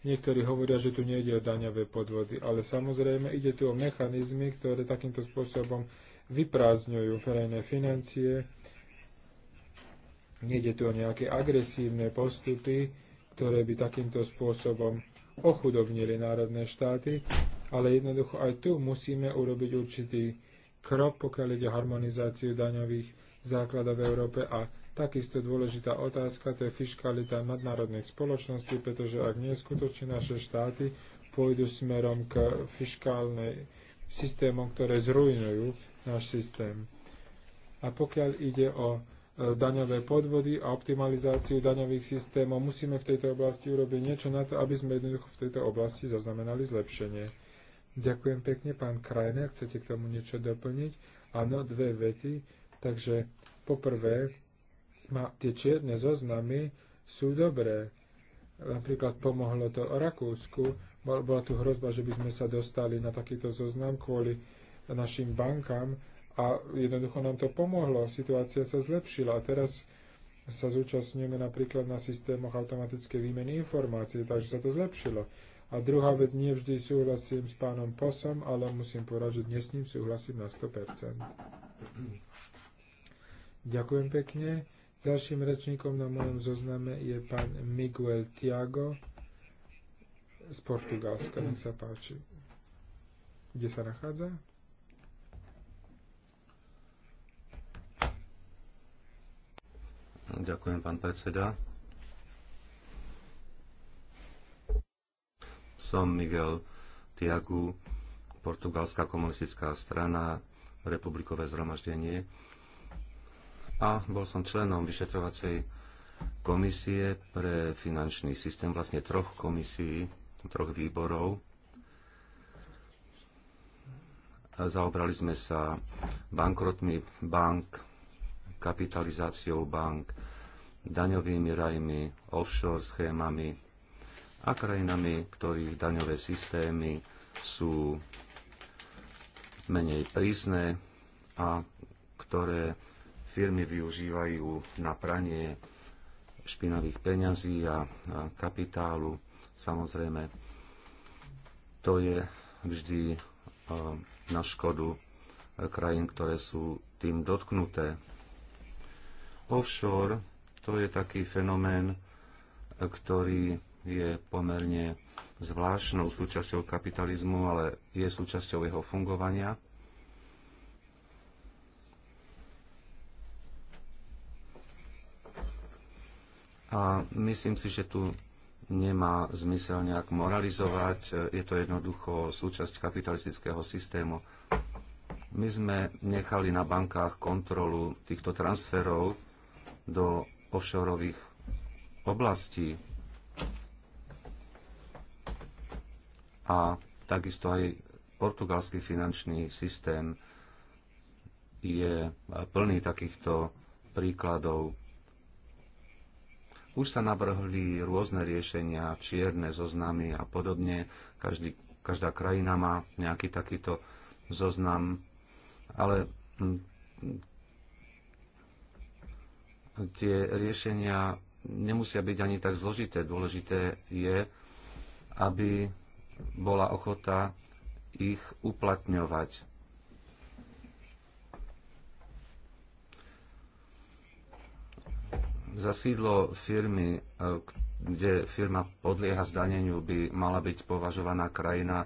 Niektorí hovoria, že tu nejde o daňové podvody, ale samozrejme ide tu o mechanizmy, ktoré takýmto spôsobom vyprázdňujú verejné financie. Nejde tu o nejaké agresívne postupy, ktoré by takýmto spôsobom ochudobnili národné štáty, ale jednoducho aj tu musíme urobiť určitý krok, pokiaľ ide o harmonizáciu daňových základov v Európe a Takisto dôležitá otázka to je fiskalita nadnárodných spoločností, pretože ak nie, skutočne naše štáty pôjdu smerom k fiskálnej systémom, ktoré zrujnujú náš systém. A pokiaľ ide o e, daňové podvody a optimalizáciu daňových systémov, musíme v tejto oblasti urobiť niečo na to, aby sme jednoducho v tejto oblasti zaznamenali zlepšenie. Ďakujem pekne, pán Krajner. Chcete k tomu niečo doplniť? Áno, dve vety. Takže poprvé, ma, tie čierne zoznamy, sú dobré. Napríklad pomohlo to Rakúsku, bola tu hrozba, že by sme sa dostali na takýto zoznam kvôli našim bankám a jednoducho nám to pomohlo, situácia sa zlepšila a teraz sa zúčastňujeme napríklad na systémoch automatickej výmeny informácií, takže sa to zlepšilo. A druhá vec, nie vždy súhlasím s pánom Posom, ale musím povedať, že dnes s ním súhlasím na 100%. Ďakujem pekne. Ďalším rečníkom na mojom zozname je pán Miguel Tiago z Portugalska. Nech sa páči. Kde sa nachádza? Ďakujem, pán predseda. Som Miguel Tiago, Portugalská komunistická strana, republikové zhromaždenie a bol som členom vyšetrovacej komisie pre finančný systém, vlastne troch komisií, troch výborov. Zaobrali sme sa bankrotmi bank, kapitalizáciou bank, daňovými rajmi, offshore schémami a krajinami, ktorých daňové systémy sú menej prísne a ktoré firmy využívajú na pranie špinavých peňazí a kapitálu. Samozrejme, to je vždy e, na škodu e, krajín, ktoré sú tým dotknuté. Offshore to je taký fenomén, e, ktorý je pomerne zvláštnou súčasťou kapitalizmu, ale je súčasťou jeho fungovania. A myslím si, že tu nemá zmysel nejak moralizovať, je to jednoducho súčasť kapitalistického systému. My sme nechali na bankách kontrolu týchto transferov do offshoreových oblastí a takisto aj portugalský finančný systém je plný takýchto príkladov už sa navrhli rôzne riešenia, čierne zoznamy a podobne. Každý, každá krajina má nejaký takýto zoznam, ale hm, tie riešenia nemusia byť ani tak zložité. Dôležité je, aby bola ochota ich uplatňovať. za sídlo firmy, e, kde firma podlieha zdaneniu, by mala byť považovaná krajina, e,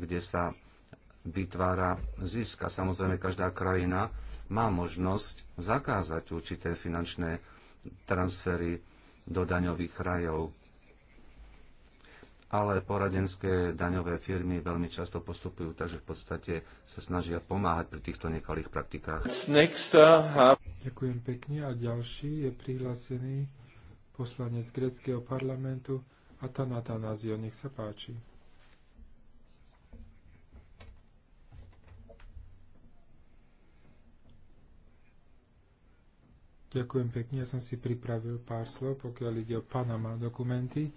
kde sa vytvára zisk. samozrejme, každá krajina má možnosť zakázať určité finančné transfery do daňových rajov ale poradenské daňové firmy veľmi často postupujú, takže v podstate sa snažia pomáhať pri týchto nekalých praktikách. Uh, Ďakujem pekne a ďalší je prihlásený poslanec greckého parlamentu Atana Tanazio. Nech sa páči. Ďakujem pekne, ja som si pripravil pár slov, pokiaľ ide o Panama dokumenty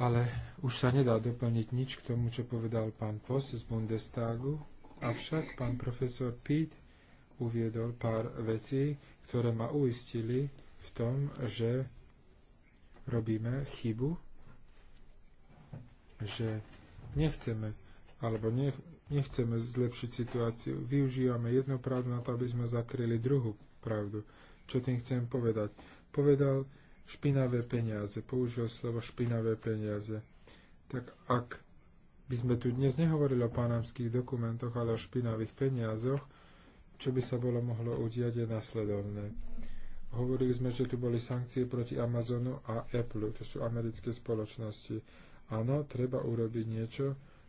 ale už sa nedá doplniť nič k tomu, čo povedal pán Pos z Bundestagu, avšak pán profesor Pitt uviedol pár vecí, ktoré ma uistili v tom, že robíme chybu, že nechceme alebo nech, nechceme zlepšiť situáciu. Využívame jednu pravdu na to, aby sme zakryli druhú pravdu. Čo tým chcem povedať? Povedal, špinavé peniaze. Použil slovo špinavé peniaze. Tak ak by sme tu dnes nehovorili o panamských dokumentoch, ale o špinavých peniazoch, čo by sa bolo mohlo udiať je nasledovné. Hovorili sme, že tu boli sankcie proti Amazonu a Apple, to sú americké spoločnosti. Áno, treba urobiť niečo,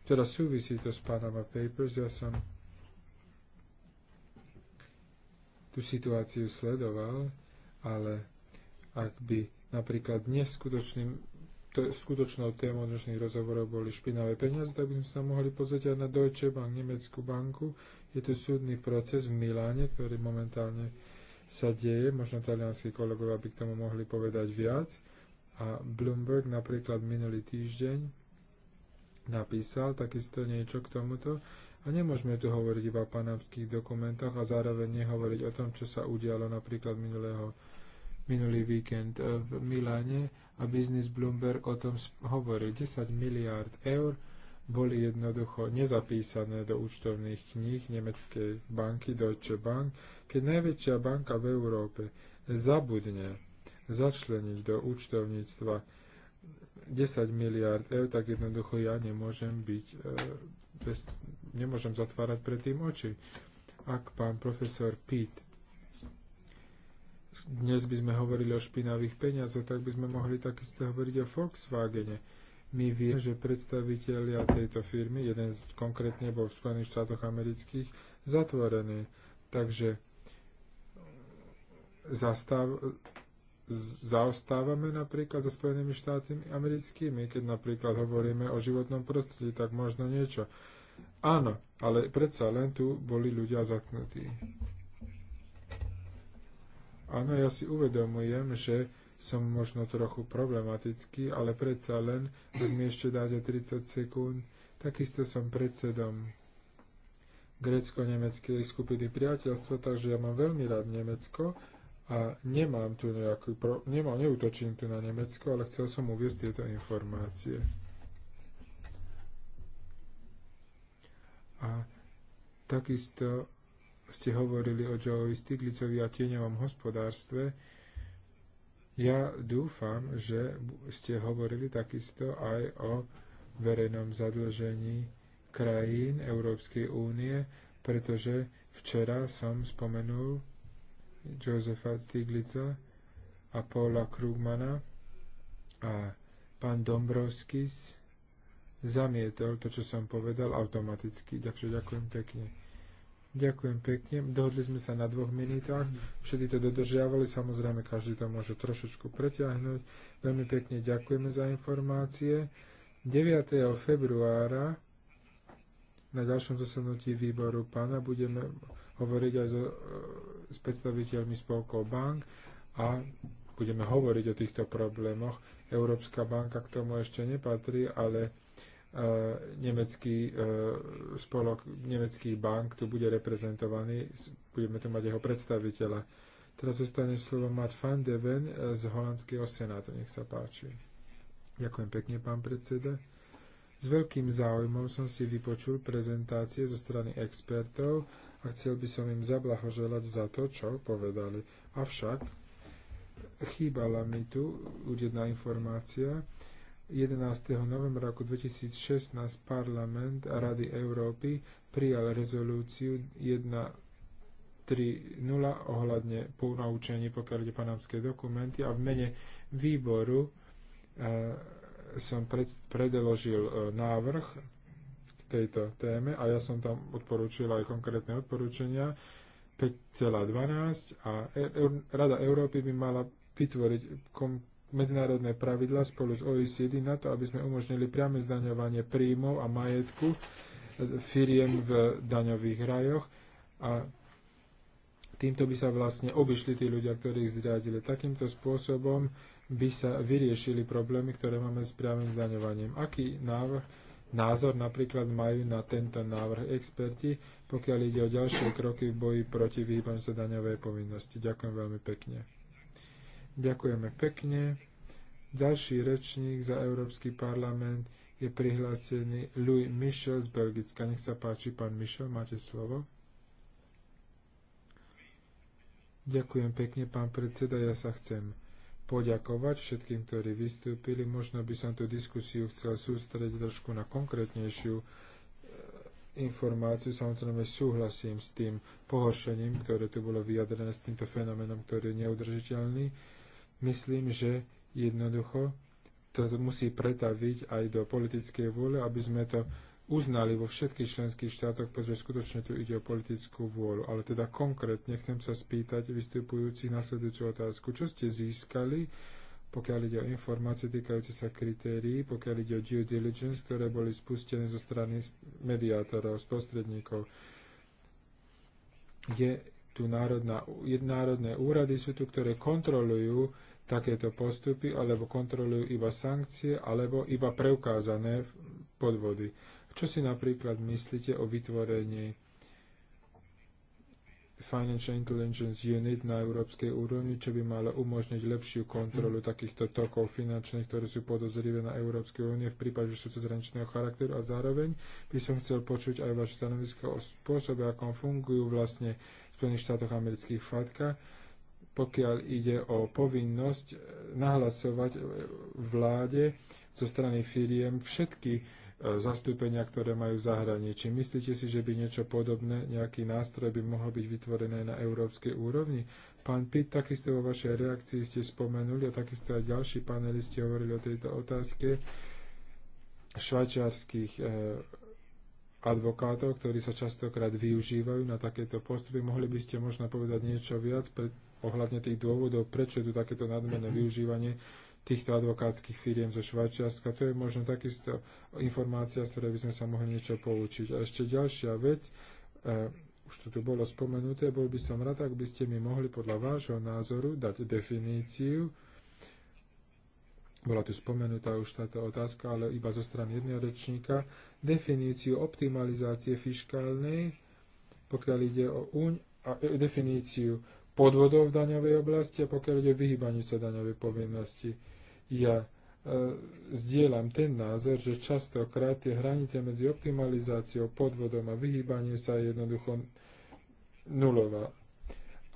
teda súvisí to s Panama Papers. Ja som tú situáciu sledoval, ale ak by napríklad dnes skutočným to skutočnou témou dnešných rozhovorov boli špinavé peniaze, tak by sme sa mohli pozrieť aj na Deutsche Bank, Nemeckú banku. Je tu súdny proces v Miláne, ktorý momentálne sa deje. Možno talianskí kolegovia by k tomu mohli povedať viac. A Bloomberg napríklad minulý týždeň napísal takisto niečo k tomuto. A nemôžeme tu hovoriť iba o panamských dokumentoch a zároveň nehovoriť o tom, čo sa udialo napríklad minulého minulý víkend eh, v Miláne a Business Bloomberg o tom hovoril. 10 miliárd eur boli jednoducho nezapísané do účtovných kníh nemeckej banky Deutsche Bank, keď najväčšia banka v Európe zabudne začleniť do účtovníctva 10 miliárd eur, tak jednoducho ja nemôžem byť eh, bez, nemôžem zatvárať predtým oči. Ak pán profesor Pitt dnes by sme hovorili o špinavých peniazoch, tak by sme mohli takisto hovoriť o Volkswagene. My vieme, že predstavitelia tejto firmy, jeden z, konkrétne bol v Spojených štátoch amerických, zatvorený. Takže zastav, zaostávame napríklad so Spojenými štátmi americkými, keď napríklad hovoríme o životnom prostredí, tak možno niečo. Áno, ale predsa len tu boli ľudia zatknutí. Áno, ja si uvedomujem, že som možno trochu problematický, ale predsa len, ak mi ešte dáte 30 sekúnd, takisto som predsedom grécko-nemeckej skupiny priateľstva, takže ja mám veľmi rád Nemecko a nemám tu nejakú, pro... nemám, neutočím tu na Nemecko, ale chcel som uviezť tieto informácie. A takisto ste hovorili o Joeovi Stiglicovi a tieňovom hospodárstve, ja dúfam, že ste hovorili takisto aj o verejnom zadlžení krajín Európskej únie, pretože včera som spomenul Josefa Stiglica a Paula Krugmana a pán Dombrovskis zamietol to, čo som povedal automaticky. Takže ďakujem pekne. Ďakujem pekne. Dohodli sme sa na dvoch minútach. Všetci to dodržiavali. Samozrejme, každý to môže trošičku preťahnuť. Veľmi pekne ďakujeme za informácie. 9. februára na ďalšom zasadnutí výboru pána budeme hovoriť aj so, e, s predstaviteľmi spolkov bank a budeme hovoriť o týchto problémoch. Európska banka k tomu ešte nepatrí, ale nemecký e, spolok nemeckých bank tu bude reprezentovaný, budeme tu mať jeho predstaviteľa. Teraz zostane slovo Matt van de Ven e, z holandského senátu. Nech sa páči. Ďakujem pekne, pán predseda. S veľkým záujmom som si vypočul prezentácie zo strany expertov a chcel by som im zablahoželať za to, čo povedali. Avšak chýbala mi tu jedna informácia, 11. novembra roku 2016 parlament a Rady Európy prijal rezolúciu 1.3.0 ohľadne ponaučení, pokiaľ ide panamské dokumenty a v mene výboru e, som pred, predeložil e, návrh k tejto téme a ja som tam odporučil aj konkrétne odporúčania 5,12 a e, e, Rada Európy by mala vytvoriť medzinárodné pravidla spolu s OECD na to, aby sme umožnili priame zdaňovanie príjmov a majetku firiem v daňových rajoch a týmto by sa vlastne obišli tí ľudia, ktorí ich zriadili. Takýmto spôsobom by sa vyriešili problémy, ktoré máme s priamým zdaňovaním. Aký návrh, názor napríklad majú na tento návrh experti, pokiaľ ide o ďalšie kroky v boji proti vyhýbaniu sa daňovej povinnosti? Ďakujem veľmi pekne. Ďakujeme pekne. Ďalší rečník za Európsky parlament je prihlásený Louis Michel z Belgicka. Nech sa páči, pán Michel, máte slovo. Ďakujem pekne, pán predseda. Ja sa chcem poďakovať všetkým, ktorí vystúpili. Možno by som tú diskusiu chcel sústrediť trošku na konkrétnejšiu e, informáciu. Samozrejme súhlasím s tým pohoršením, ktoré tu bolo vyjadrené s týmto fenoménom, ktorý je neudržiteľný Myslím, že jednoducho to musí pretaviť aj do politickej vôle, aby sme to uznali vo všetkých členských štátoch, pretože skutočne tu ide o politickú vôľu. Ale teda konkrétne chcem sa spýtať vystupujúcich nasledujúcu otázku. Čo ste získali, pokiaľ ide o informácie týkajúce sa kritérií, pokiaľ ide o due diligence, ktoré boli spustené zo strany mediátorov, sprostredníkov? Je tu národná, národné úrady, sú tu, ktoré kontrolujú takéto postupy, alebo kontrolujú iba sankcie, alebo iba preukázané podvody. Čo si napríklad myslíte o vytvorení Financial Intelligence Unit na európskej úrovni, čo by malo umožniť lepšiu kontrolu mhm. takýchto tokov finančných, ktoré sú podozrivé na Európskej únie v prípade, že sú cezhraničného charakteru. A zároveň by som chcel počuť aj vaše stanovisko o spôsobe, akom fungujú vlastne v Spojených štátoch amerických FATKA pokiaľ ide o povinnosť eh, nahlasovať eh, vláde zo strany firiem všetky eh, zastúpenia, ktoré majú v zahraničí. Myslíte si, že by niečo podobné, nejaký nástroj by mohol byť vytvorené na európskej úrovni? Pán Pitt, takisto vo vašej reakcii ste spomenuli a takisto aj ďalší panelisti hovorili o tejto otázke švajčiarských advokátov, ktorí sa častokrát využívajú na takéto postupy. Mohli by ste možno povedať niečo viac, ohľadne tých dôvodov, prečo je tu takéto nadmerné mhm. využívanie týchto advokátskych firiem zo Švajčiarska. To je možno takisto informácia, z ktorej by sme sa mohli niečo poučiť. A ešte ďalšia vec, e, už to tu bolo spomenuté, bol by som rád, ak by ste mi mohli podľa vášho názoru dať definíciu. Bola tu spomenutá už táto otázka, ale iba zo strany jedného rečníka. Definíciu optimalizácie fiškálnej, pokiaľ ide o a definíciu podvodov v daňovej oblasti a pokiaľ ide o vyhýbaniu sa daňovej povinnosti. Ja e, zdieľam ten názor, že častokrát tie hranice medzi optimalizáciou, podvodom a vyhýbaním sa je jednoducho nulová.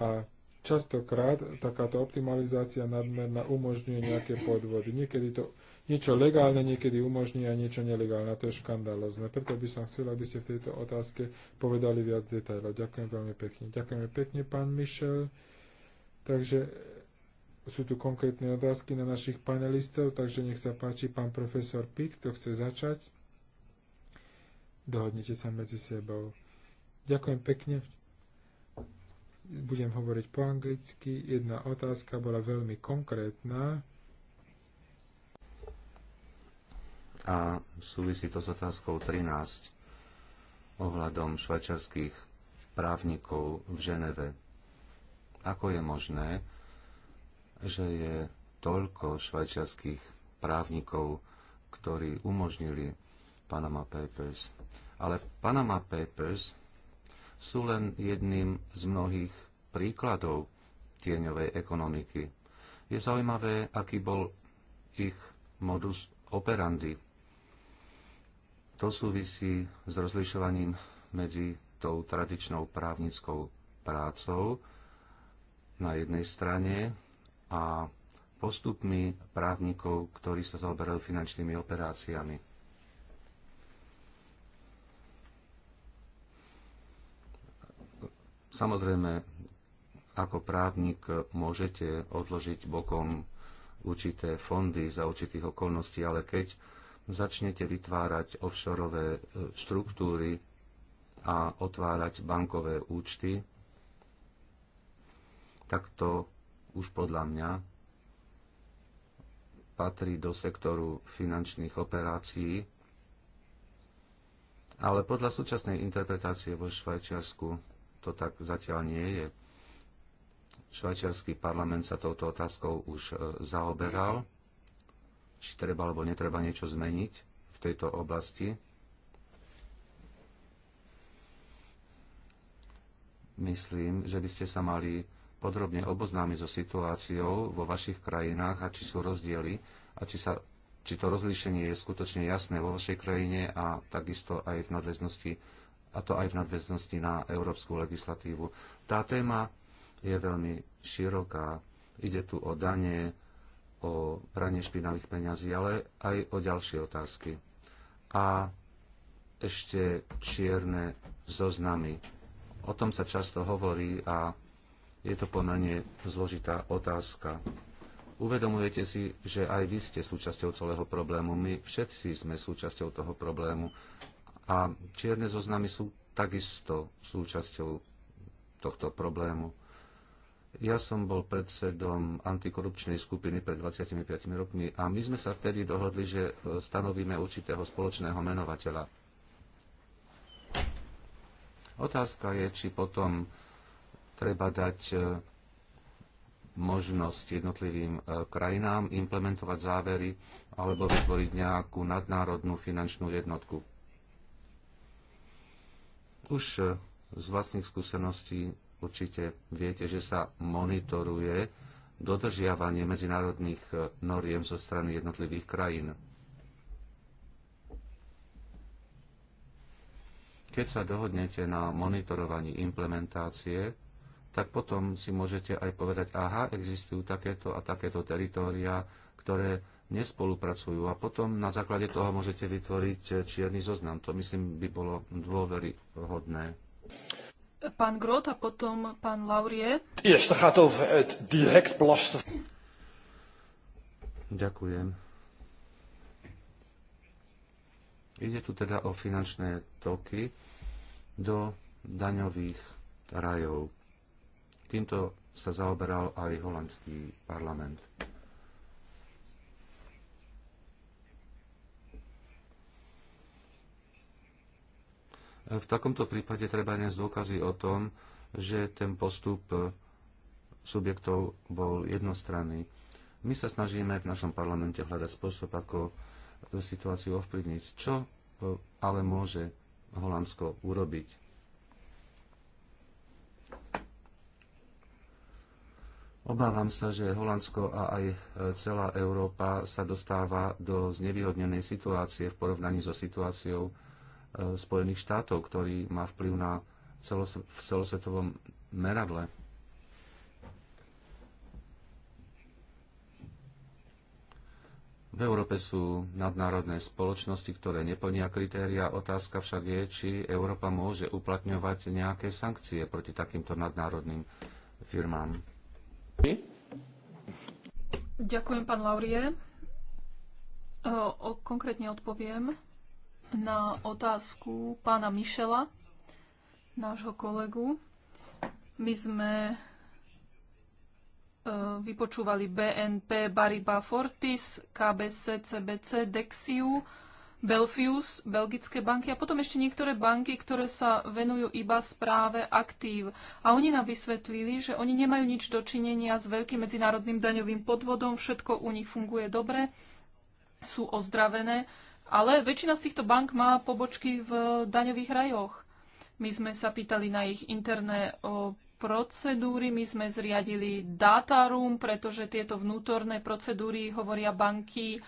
A Častokrát takáto optimalizácia nadmerná umožňuje nejaké podvody. Niekedy to niečo legálne, niekedy umožní a niečo nelegálne. To je škandalozne. Preto by som chcel, aby ste v tejto otázke povedali viac detajlov. Ďakujem veľmi pekne. Ďakujeme pekne, pán Mišel. Takže sú tu konkrétne otázky na našich panelistov, takže nech sa páči pán profesor Pitt, kto chce začať. Dohodnite sa medzi sebou. Ďakujem pekne budem hovoriť po anglicky. Jedna otázka bola veľmi konkrétna. A súvisí to s otázkou 13 ohľadom švajčarských právnikov v Ženeve. Ako je možné, že je toľko švajčiarských právnikov, ktorí umožnili Panama Papers. Ale Panama Papers sú len jedným z mnohých príkladov tieňovej ekonomiky. Je zaujímavé, aký bol ich modus operandi. To súvisí s rozlišovaním medzi tou tradičnou právnickou prácou na jednej strane a postupmi právnikov, ktorí sa zaoberajú finančnými operáciami Samozrejme, ako právnik môžete odložiť bokom určité fondy za určitých okolností, ale keď začnete vytvárať offshore e, štruktúry a otvárať bankové účty, tak to už podľa mňa patrí do sektoru finančných operácií, ale podľa súčasnej interpretácie vo Švajčiarsku to tak zatiaľ nie je. Švajčiarsky parlament sa touto otázkou už e, zaoberal, či treba alebo netreba niečo zmeniť v tejto oblasti. Myslím, že by ste sa mali podrobne oboznámiť so situáciou vo vašich krajinách a či sú rozdiely a či, sa, či to rozlíšenie je skutočne jasné vo vašej krajine a takisto aj v nadväznosti a to aj v nadväznosti na európsku legislatívu. Tá téma je veľmi široká. Ide tu o dane, o pranie špinavých peňazí, ale aj o ďalšie otázky. A ešte čierne zoznamy. O tom sa často hovorí a je to pomerne zložitá otázka. Uvedomujete si, že aj vy ste súčasťou celého problému. My všetci sme súčasťou toho problému a čierne zoznamy sú takisto súčasťou tohto problému. Ja som bol predsedom antikorupčnej skupiny pred 25 rokmi a my sme sa vtedy dohodli, že e, stanovíme určitého spoločného menovateľa. Otázka je, či potom treba dať e, možnosť jednotlivým e, krajinám implementovať závery alebo vytvoriť nejakú nadnárodnú finančnú jednotku. Už e, z vlastných skúseností určite viete, že sa monitoruje dodržiavanie medzinárodných e, noriem zo strany jednotlivých krajín. Keď sa dohodnete na monitorovaní implementácie, tak potom si môžete aj povedať, aha, existujú takéto a takéto teritória, ktoré nespolupracujú a potom na základe toho môžete vytvoriť eh, čierny zoznam. To myslím by bolo dôveryhodné. Pán Grot a potom pán Laurie. direct Ďakujem. Ide tu teda o finančné toky do daňových rajov. Týmto sa zaoberal aj holandský parlament. V takomto prípade treba nájsť dôkazy o tom, že ten postup e, subjektov bol jednostranný. My sa snažíme v našom parlamente hľadať spôsob, ako situáciu ovplyvniť. Čo e, ale môže Holandsko urobiť? Obávam sa, že Holandsko a aj e, celá Európa sa dostáva do znevýhodnenej situácie v porovnaní so situáciou E, Spojených štátov, ktorý má vplyv na celos- v celosvetovom meradle. V Európe sú nadnárodné spoločnosti, ktoré neplnia kritéria. Otázka však je, či Európa môže uplatňovať nejaké sankcie proti takýmto nadnárodným firmám. Ďakujem, pán Laurie. O, o, konkrétne odpoviem na otázku pána Mišela, nášho kolegu. My sme e, vypočúvali BNP, Bariba Fortis, KBC, CBC, Dexiu, Belfius, belgické banky a potom ešte niektoré banky, ktoré sa venujú iba správe aktív. A oni nám vysvetlili, že oni nemajú nič dočinenia s veľkým medzinárodným daňovým podvodom, všetko u nich funguje dobre, sú ozdravené ale väčšina z týchto bank má pobočky v daňových rajoch. My sme sa pýtali na ich interné procedúry, my sme zriadili data room, pretože tieto vnútorné procedúry, hovoria banky,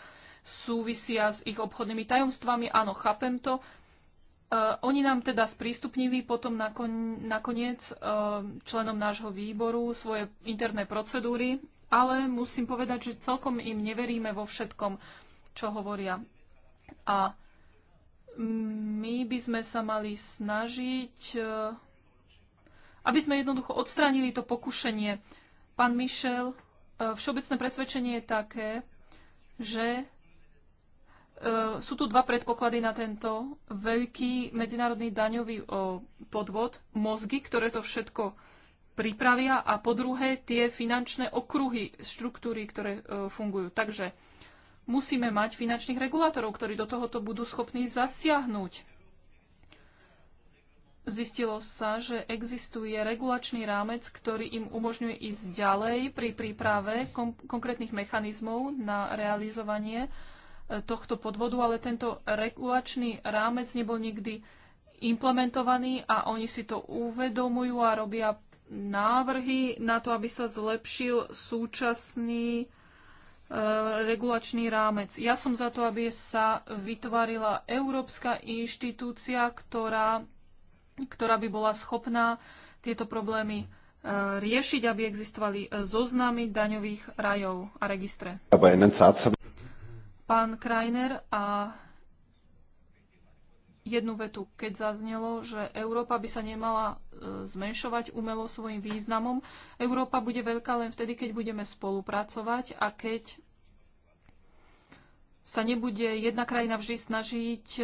súvisia s ich obchodnými tajomstvami. Áno, chápem to. E, oni nám teda sprístupnili potom nakon, nakoniec e, členom nášho výboru svoje interné procedúry, ale musím povedať, že celkom im neveríme vo všetkom, čo hovoria. A my by sme sa mali snažiť, e, aby sme jednoducho odstránili to pokušenie. Pán Mišel, e, všeobecné presvedčenie je také, že e, sú tu dva predpoklady na tento veľký medzinárodný daňový podvod, mozgy, ktoré to všetko pripravia a po druhé tie finančné okruhy, štruktúry, ktoré fungujú. Takže musíme mať finančných regulátorov, ktorí do tohoto budú schopní zasiahnuť. Zistilo sa, že existuje regulačný rámec, ktorý im umožňuje ísť ďalej pri príprave konkrétnych mechanizmov na realizovanie e, tohto podvodu, ale tento regulačný rámec nebol nikdy implementovaný a oni si to uvedomujú a robia návrhy na to, aby sa zlepšil súčasný E, regulačný rámec. Ja som za to, aby sa vytvorila európska inštitúcia, ktorá, ktorá by bola schopná tieto problémy e, riešiť, aby existovali e, zoznamy daňových rajov a registre. Pán Krajner a jednu vetu, keď zaznelo, že Európa by sa nemala e, zmenšovať umelo svojim významom. Európa bude veľká len vtedy, keď budeme spolupracovať a keď sa nebude jedna krajina vždy snažiť e,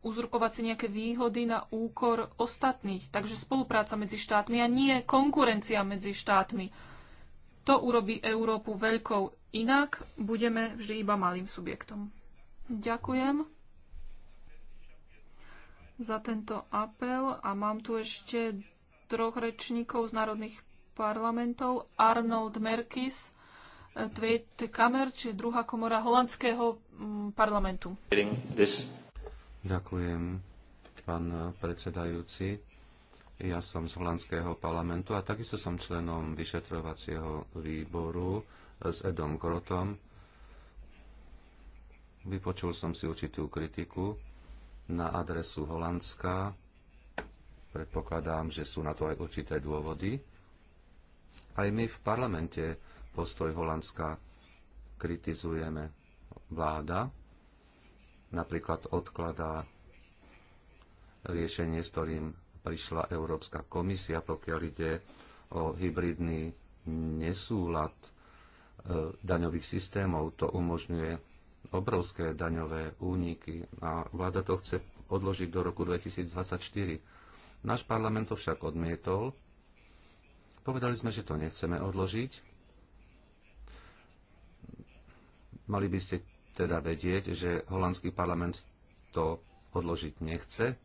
uzurpovať si nejaké výhody na úkor ostatných. Takže spolupráca medzi štátmi a nie konkurencia medzi štátmi. To urobí Európu veľkou. Inak budeme vždy iba malým subjektom. Ďakujem za tento apel a mám tu ešte troch rečníkov z národných parlamentov. Arnold Merkis, eh, Tweede Kamer, či druhá komora holandského mm, parlamentu. Ďakujem, pán predsedajúci. Ja som z holandského parlamentu a takisto som členom vyšetrovacieho výboru s Edom Grotom. Vypočul som si určitú kritiku na adresu Holandska. Predpokladám, že sú na to aj určité dôvody. Aj my v parlamente postoj Holandska kritizujeme. Vláda napríklad odkladá riešenie, s ktorým prišla Európska komisia, pokiaľ ide o hybridný nesúlad e, daňových systémov. To umožňuje obrovské daňové úniky a vláda to chce odložiť do roku 2024. Náš parlament to však odmietol. Povedali sme, že to nechceme odložiť. Mali by ste teda vedieť, že holandský parlament to odložiť nechce.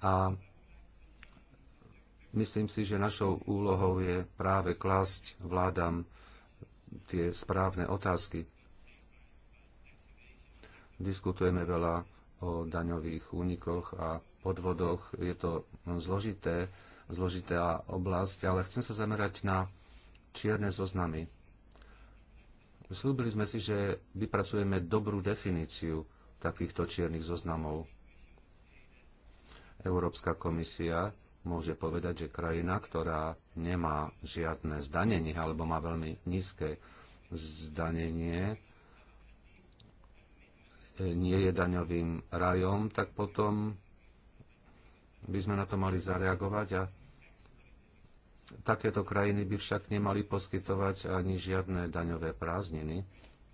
A Myslím si, že našou úlohou je práve klásť vládam tie správne otázky. Diskutujeme veľa o daňových únikoch a podvodoch. Je to zložité, zložitá oblasť, ale chcem sa zamerať na čierne zoznamy. Slúbili sme si, že vypracujeme dobrú definíciu takýchto čiernych zoznamov. Európska komisia môže povedať, že krajina, ktorá nemá žiadne zdanenie alebo má veľmi nízke zdanenie, e, nie je daňovým rajom, tak potom by sme na to mali zareagovať a takéto krajiny by však nemali poskytovať ani žiadne daňové prázdniny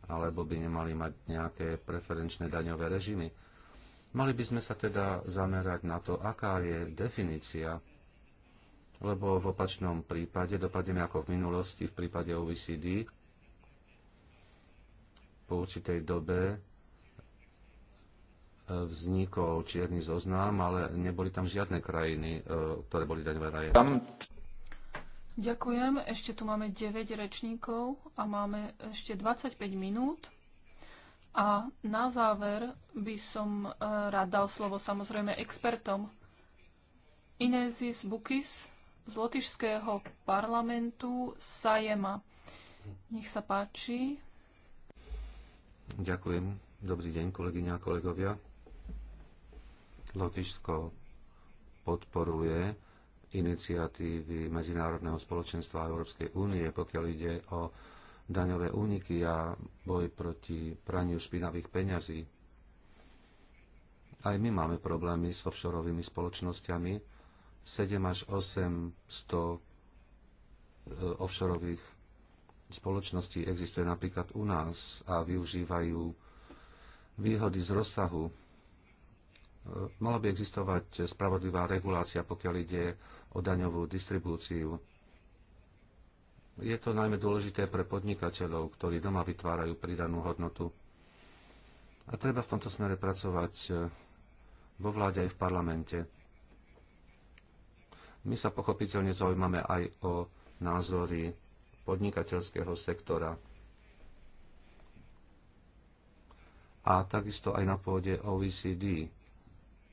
alebo by nemali mať nejaké preferenčné daňové režimy. Mali by sme sa teda zamerať na to, aká je definícia, lebo v opačnom prípade dopadneme ako v minulosti v prípade OECD. Po určitej dobe e, vznikol čierny zoznam, ale neboli tam žiadne krajiny, e, ktoré boli daňové raje. Ďakujem. Ešte tu máme 9 rečníkov a máme ešte 25 minút. A na záver by som e, rád dal slovo samozrejme expertom. Inezis Bukis z Lotyšského parlamentu Sajema. Nech sa páči. Ďakujem. Dobrý deň, kolegyňa a kolegovia. Lotyšsko podporuje iniciatívy Medzinárodného spoločenstva a Európskej únie, pokiaľ ide o daňové úniky a boj proti praniu špinavých peňazí. Aj my máme problémy s offshoreovými spoločnosťami. 7 až 800 e, offshoreových spoločností existuje napríklad u nás a využívajú výhody z rozsahu. E, mala by existovať spravodlivá regulácia, pokiaľ ide o daňovú distribúciu je to najmä dôležité pre podnikateľov, ktorí doma vytvárajú pridanú hodnotu. A treba v tomto smere pracovať e, vo vláde aj v parlamente. My sa pochopiteľne zaujímame aj o názory podnikateľského sektora. A takisto aj na pôde OECD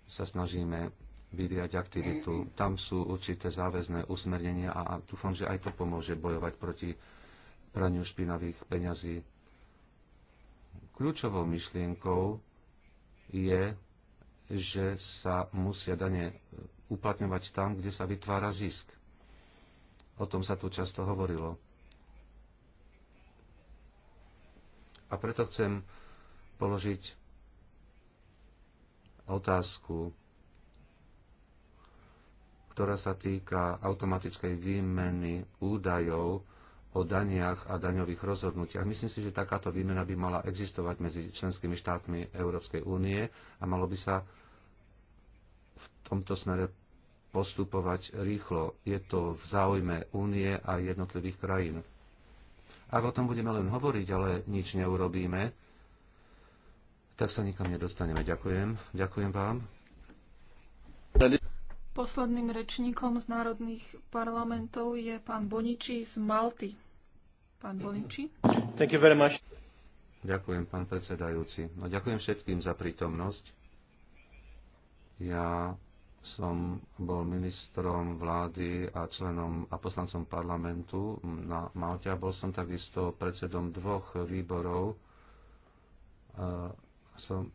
sa snažíme vyvíjať aktivitu. Tam sú určité záväzné usmernenia a, a dúfam, že aj to pomôže bojovať proti praniu špinavých peňazí. Kľúčovou myšlienkou je, že sa musia dane uplatňovať tam, kde sa vytvára zisk. O tom sa tu často hovorilo. A preto chcem položiť otázku, ktorá sa týka automatickej výmeny údajov o daniach a daňových rozhodnutiach. Myslím si, že takáto výmena by mala existovať medzi členskými štátmi Európskej únie a malo by sa v tomto smere postupovať rýchlo. Je to v záujme únie a jednotlivých krajín. Ak o tom budeme len hovoriť, ale nič neurobíme, tak sa nikam nedostaneme. Ďakujem. Ďakujem vám. Posledným rečníkom z národných parlamentov je pán Boniči z Malty. Pán Boniči. Thank you very much. Ďakujem, pán predsedajúci. No, ďakujem všetkým za prítomnosť. Ja som bol ministrom vlády a členom a poslancom parlamentu na Malte a bol som takisto predsedom dvoch výborov. Som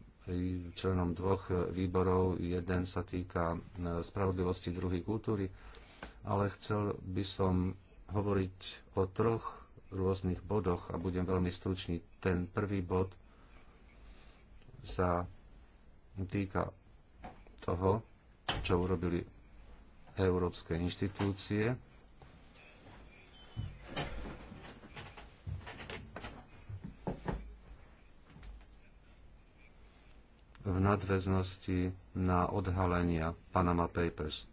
členom dvoch výborov. Jeden sa týka e, spravodlivosti, druhý kultúry. Ale chcel by som hovoriť o troch rôznych bodoch a budem veľmi stručný. Ten prvý bod sa týka toho, čo urobili európske inštitúcie v nadväznosti na odhalenia Panama Papers.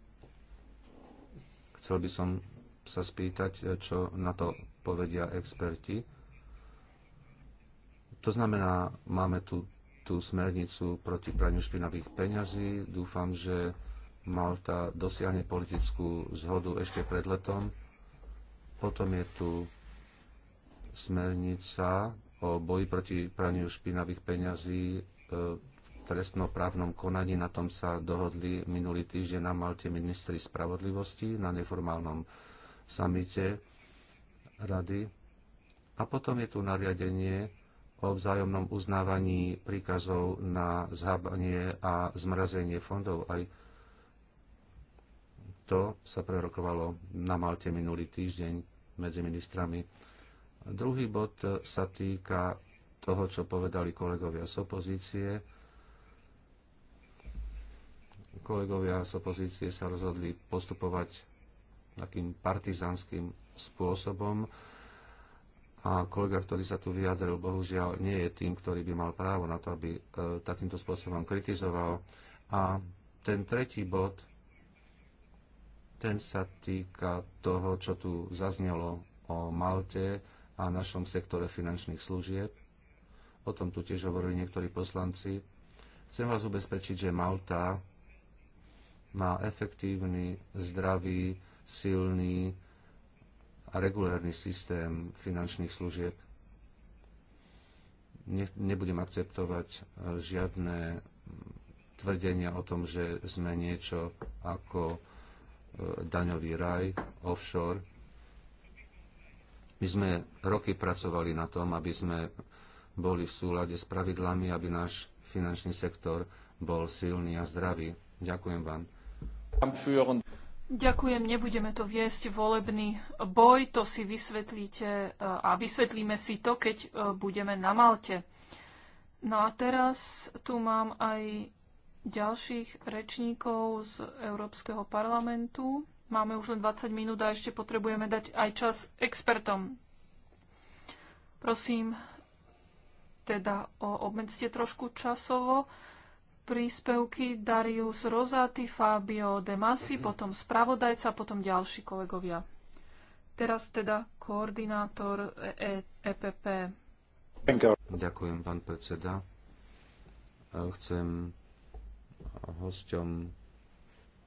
Chcel by som sa spýtať, e, čo na to povedia experti. To znamená, máme tu tú smernicu proti praniu špinavých peňazí. Dúfam, že Malta dosiahne politickú zhodu ešte pred letom. Potom je tu smernica o boji proti praniu špinavých peňazí e, trestnoprávnom konaní. Na tom sa dohodli minulý týždeň na Malte ministri spravodlivosti na neformálnom samite rady. A potom je tu nariadenie o vzájomnom uznávaní príkazov na zhábanie a zmrazenie fondov. Aj to sa prerokovalo na Malte minulý týždeň medzi ministrami. Druhý bod sa týka toho, čo povedali kolegovia z opozície kolegovia z opozície sa rozhodli postupovať takým partizanským spôsobom a kolega, ktorý sa tu vyjadril, bohužiaľ nie je tým, ktorý by mal právo na to, aby e, takýmto spôsobom kritizoval. A ten tretí bod, ten sa týka toho, čo tu zaznelo o Malte a našom sektore finančných služieb. O tom tu tiež hovorili niektorí poslanci. Chcem vás ubezpečiť, že Malta má efektívny, zdravý, silný a regulérny systém finančných služieb. Ne, nebudem akceptovať e, žiadne tvrdenia o tom, že sme niečo ako e, daňový raj, offshore. My sme roky pracovali na tom, aby sme boli v súlade s pravidlami, aby náš finančný sektor bol silný a zdravý. Ďakujem vám. Ďakujem, nebudeme to viesť volebný boj, to si vysvetlíte a vysvetlíme si to, keď e, budeme na Malte. No a teraz tu mám aj ďalších rečníkov z Európskeho parlamentu. Máme už len 20 minút a ešte potrebujeme dať aj čas expertom. Prosím, teda obmedzte trošku časovo príspevky Darius Rozati, Fabio De Masi, mhm. potom spravodajca, potom ďalší kolegovia. Teraz teda koordinátor EPP. E- e Ďakujem, pán predseda. E, chcem hosťom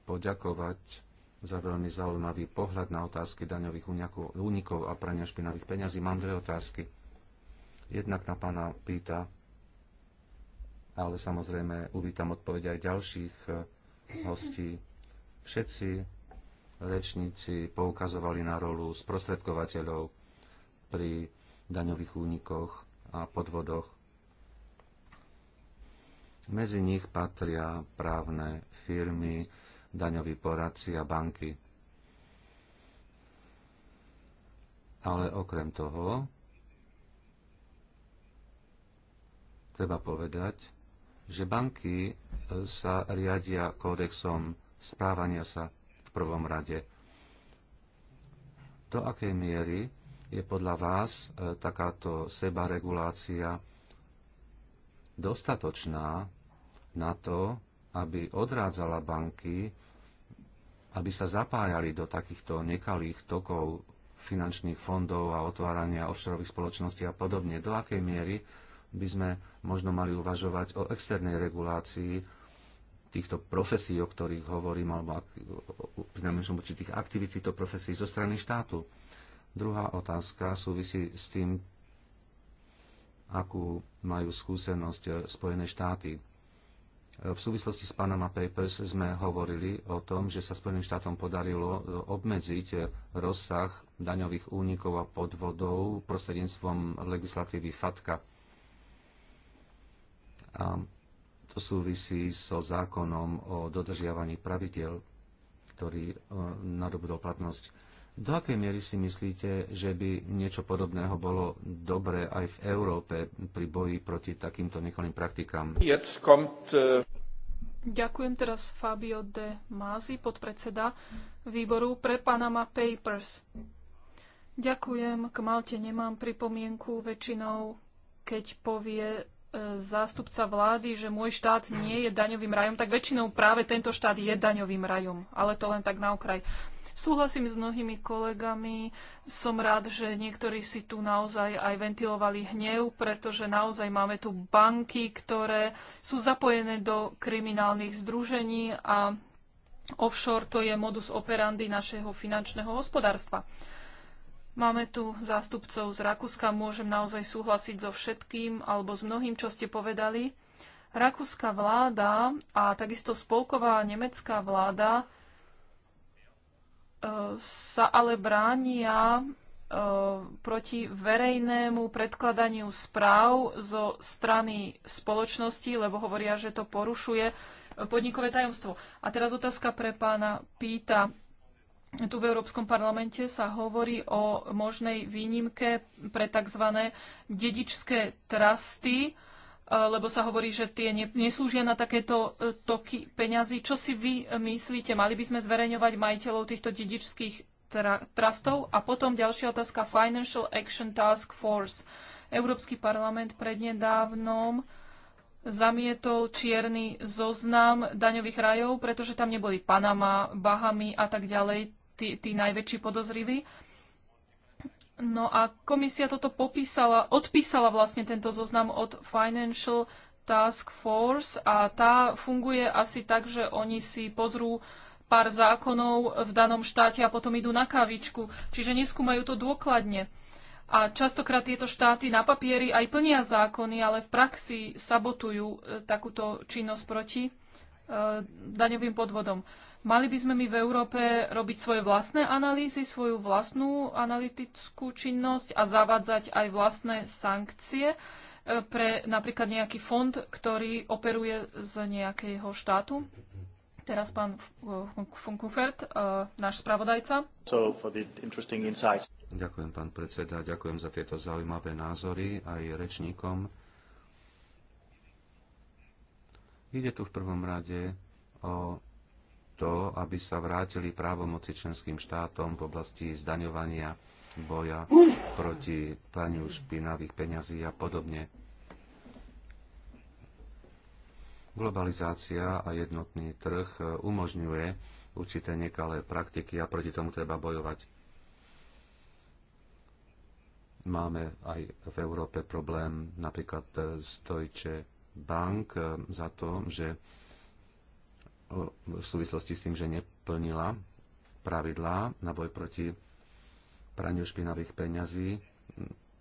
poďakovať za veľmi zaujímavý pohľad na otázky daňových únikov a prania špinavých peňazí. Mám dve otázky. Jednak na pána pýta, ale samozrejme uvítam odpovede aj ďalších eh, hostí. Všetci rečníci poukazovali na rolu sprostredkovateľov pri daňových únikoch a podvodoch. Medzi nich patria právne firmy, daňoví poradci a banky. Ale okrem toho, treba povedať, že banky e, sa riadia kódexom správania sa v prvom rade. Do akej miery je podľa vás e, takáto sebaregulácia dostatočná na to, aby odrádzala banky, aby sa zapájali do takýchto nekalých tokov finančných fondov a otvárania offshore spoločností a podobne. Do akej miery by sme možno mali uvažovať o externej regulácii týchto profesí, o ktorých hovorím, alebo pri najmenšom určitých aktivít týchto profesí zo strany štátu. Druhá otázka súvisí s tým, akú majú skúsenosť e, Spojené štáty. E, v súvislosti s Panama Papers sme hovorili o tom, že sa Spojeným štátom podarilo e, obmedziť rozsah daňových únikov a podvodov prostredníctvom legislatívy FATKA. A to súvisí so zákonom o dodržiavaní pravidel, ktorý e, nadobudol platnosť. Do akej miery si myslíte, že by niečo podobného bolo dobré aj v Európe pri boji proti takýmto nekalým praktikám? E, Ďakujem teraz Fabio de Mázi, podpredseda výboru pre Panama Papers. Ďakujem, k Malte nemám pripomienku, väčšinou keď povie zástupca vlády, že môj štát nie je daňovým rajom, tak väčšinou práve tento štát je daňovým rajom. Ale to len tak na okraj. Súhlasím s mnohými kolegami. Som rád, že niektorí si tu naozaj aj ventilovali hnev, pretože naozaj máme tu banky, ktoré sú zapojené do kriminálnych združení a offshore to je modus operandi našeho finančného hospodárstva. Máme tu zástupcov z Rakúska, môžem naozaj súhlasiť so všetkým alebo s mnohým, čo ste povedali. Rakúska vláda a takisto spolková nemecká vláda e, sa ale bránia e, proti verejnému predkladaniu správ zo strany spoločnosti, lebo hovoria, že to porušuje podnikové tajomstvo. A teraz otázka pre pána Píta tu v Európskom parlamente sa hovorí o možnej výnimke pre tzv. dedičské trasty, e, lebo sa hovorí, že tie neslúžia na takéto e, toky peňazí. Čo si vy myslíte? Mali by sme zverejňovať majiteľov týchto dedičských tra trastov? A potom ďalšia otázka Financial Action Task Force. Európsky parlament prednedávnom zamietol čierny zoznam daňových rajov, pretože tam neboli Panama, Bahamy a tak ďalej tí, tí najväčší podozriví. No a komisia toto popísala, odpísala vlastne tento zoznam od Financial Task Force a tá funguje asi tak, že oni si pozrú pár zákonov v danom štáte a potom idú na kávičku. Čiže neskúmajú to dôkladne. A častokrát tieto štáty na papieri aj plnia zákony, ale v praxi sabotujú eh, takúto činnosť proti eh, daňovým podvodom. Mali by sme my v Európe robiť svoje vlastné analýzy, svoju vlastnú analytickú činnosť a zavádzať aj vlastné sankcie e, pre napríklad nejaký fond, ktorý operuje z nejakého štátu? Teraz pán Funkufert, e, náš spravodajca. So ďakujem, pán predseda, ďakujem za tieto zaujímavé názory aj rečníkom. Ide tu v prvom rade o to, aby sa vrátili právomoci členským štátom v oblasti zdaňovania, boja proti praniu špinavých peňazí a podobne. Globalizácia a jednotný trh umožňuje určité nekalé praktiky a proti tomu treba bojovať. Máme aj v Európe problém napríklad s Deutsche Bank za to, že v súvislosti s tým, že neplnila pravidlá na boj proti praniu špinavých peňazí,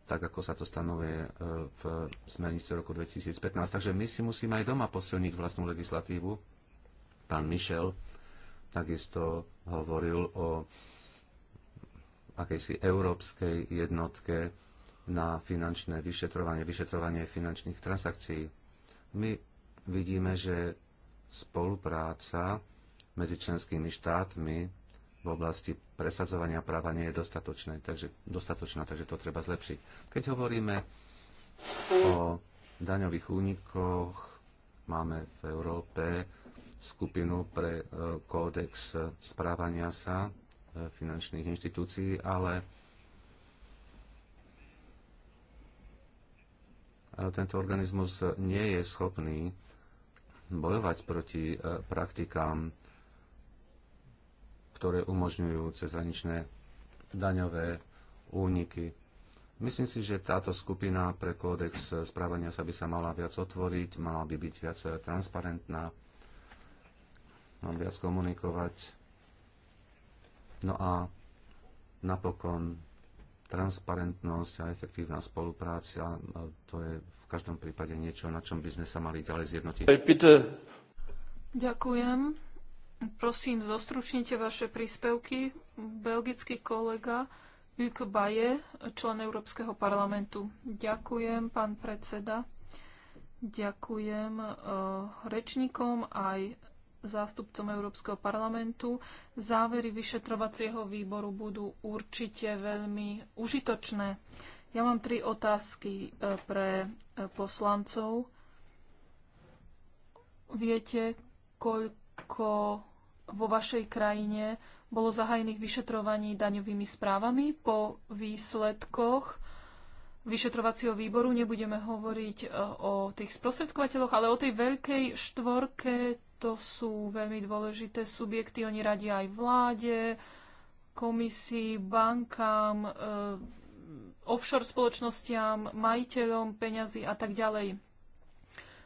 tak ako sa to stanovuje e, v smernici roku 2015. Takže my si musíme aj doma posilniť vlastnú legislatívu. Pán Mišel takisto hovoril o akejsi európskej jednotke na finančné vyšetrovanie, vyšetrovanie finančných transakcií. My vidíme, že spolupráca medzi členskými štátmi v oblasti presadzovania práva nie je dostatočné, takže, dostatočná, takže to treba zlepšiť. Keď hovoríme o daňových únikoch, máme v Európe skupinu pre e, kódex správania sa e, finančných inštitúcií, ale e, tento organizmus nie je schopný bojovať proti e, praktikám, ktoré umožňujú cezhraničné daňové úniky. Myslím si, že táto skupina pre kódex správania sa by sa mala viac otvoriť, mala by byť viac transparentná, mala viac komunikovať. No a napokon Transparentnosť a efektívna spolupráca, to je v každom prípade niečo, na čom by sme sa mali ďalej zjednotiť. Ďakujem. Prosím, zostručnite vaše príspevky. Belgický kolega Juk Baje, člen Európskeho parlamentu. Ďakujem, pán predseda. Ďakujem eh, rečníkom aj zástupcom Európskeho parlamentu. Závery vyšetrovacieho výboru budú určite veľmi užitočné. Ja mám tri otázky e, pre e, poslancov. Viete, koľko vo vašej krajine bolo zahajených vyšetrovaní daňovými správami po výsledkoch vyšetrovacieho výboru. Nebudeme hovoriť e, o tých sprostredkovateľoch, ale o tej veľkej štvorke to sú veľmi dôležité subjekty. Oni radia aj vláde, komisii, bankám, e, offshore spoločnostiam, majiteľom peňazí a tak ďalej.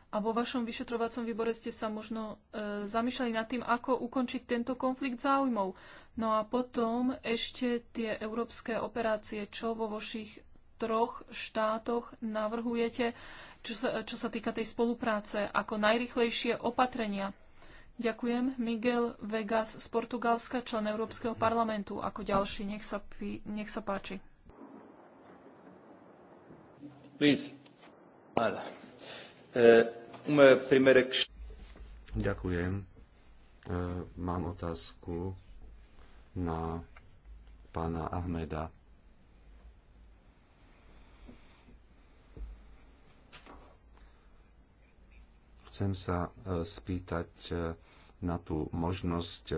A vo vašom vyšetrovacom výbore ste sa možno e, zamýšľali nad tým, ako ukončiť tento konflikt záujmov. No a potom ešte tie európske operácie, čo vo vašich troch štátoch navrhujete, čo sa, čo sa týka tej spolupráce, ako najrychlejšie opatrenia. Ďakujem. Miguel Vegas z Portugalska, člen Európskeho parlamentu. Ako ďalší, nech sa, pí, nech sa páči. E, Ďakujem. E, mám otázku na pána Ahmeda Chcem sa e, spýtať e, na tú možnosť e,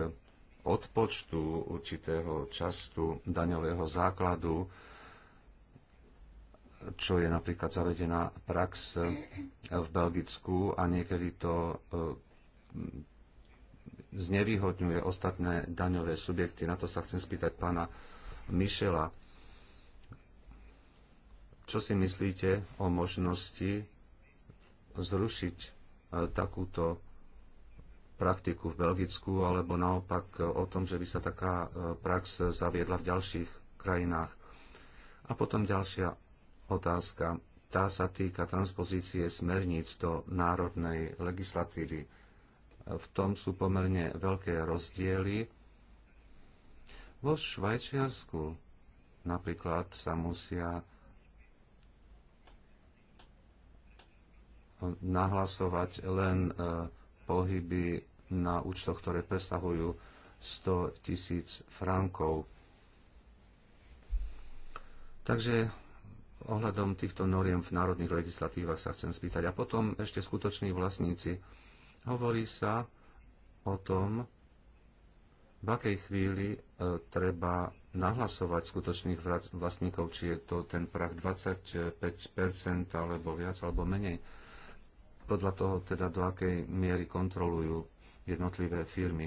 odpočtu určitého častu daňového základu, čo je napríklad zavedená prax v Belgicku a niekedy to znevýhodňuje ostatné daňové subjekty. Na to sa chcem spýtať pána Mišela. Čo si myslíte o možnosti zrušiť E, takúto praktiku v Belgicku, alebo naopak o tom, že by sa taká e, prax zaviedla v ďalších krajinách. A potom ďalšia otázka. Tá sa týka transpozície smerníc do národnej legislatívy. E, v tom sú pomerne veľké rozdiely. Vo Švajčiarsku napríklad sa musia nahlasovať len e, pohyby na účtoch, ktoré presahujú 100 tisíc frankov. Takže ohľadom týchto noriem v národných legislatívach sa chcem spýtať. A potom ešte skutoční vlastníci. Hovorí sa o tom, v akej chvíli e, treba nahlasovať skutočných vlastníkov, či je to ten prach 25% alebo viac alebo menej podľa toho teda do akej miery kontrolujú jednotlivé firmy.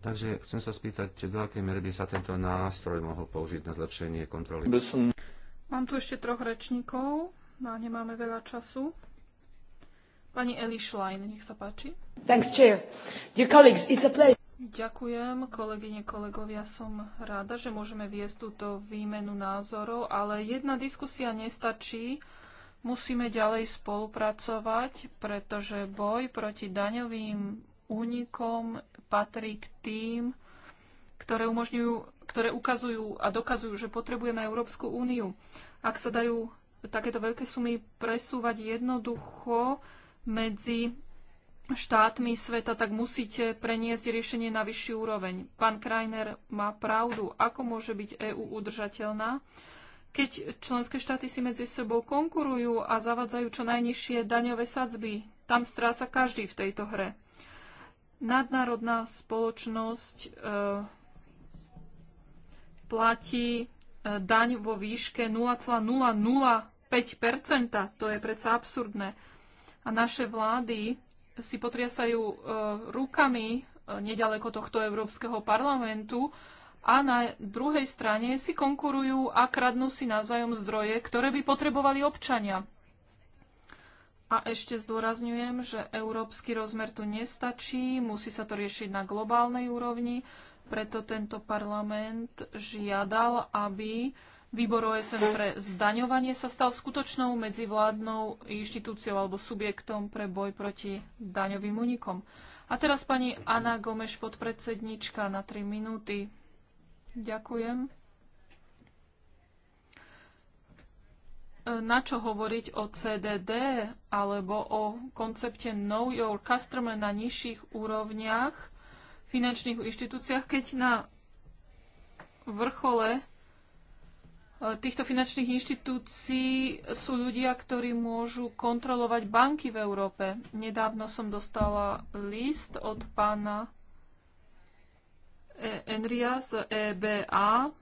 Takže chcem sa spýtať, do akej miery by sa tento nástroj mohol použiť na zlepšenie kontroly. Mám tu ešte troch rečníkov no a nemáme veľa času. Pani Eli Schlein, nech sa páči. Thanks, Chair. Dear colleagues, it's a pleasure. Ďakujem, kolegyne, kolegovia. Som rada, že môžeme viesť túto výmenu názorov, ale jedna diskusia nestačí. Musíme ďalej spolupracovať, pretože boj proti daňovým únikom patrí k tým, ktoré, umožňujú, ktoré ukazujú a dokazujú, že potrebujeme Európsku úniu. Ak sa dajú takéto veľké sumy presúvať jednoducho medzi štátmi sveta, tak musíte preniesť riešenie na vyšší úroveň. Pán Krajner má pravdu. Ako môže byť EÚ udržateľná? keď členské štáty si medzi sebou konkurujú a zavadzajú čo najnižšie daňové sadzby. Tam stráca každý v tejto hre. Nadnárodná spoločnosť e, platí e, daň vo výške 0,005%. To je predsa absurdné. A naše vlády si potriasajú e, rukami e, nedaleko tohto Európskeho parlamentu, a na druhej strane si konkurujú a kradnú si navzájom zdroje, ktoré by potrebovali občania. A ešte zdôrazňujem, že európsky rozmer tu nestačí, musí sa to riešiť na globálnej úrovni, preto tento parlament žiadal, aby výbor OSN pre zdaňovanie sa stal skutočnou medzivládnou inštitúciou alebo subjektom pre boj proti daňovým únikom. A teraz pani Anna Gomeš, podpredsednička, na 3 minúty. Ďakujem. E, na čo hovoriť o CDD alebo o koncepte Know Your Customer na nižších úrovniach finančných inštitúciách, keď na vrchole e, týchto finančných inštitúcií sú ľudia, ktorí môžu kontrolovať banky v Európe. Nedávno som dostala list od pána Enrias EBA.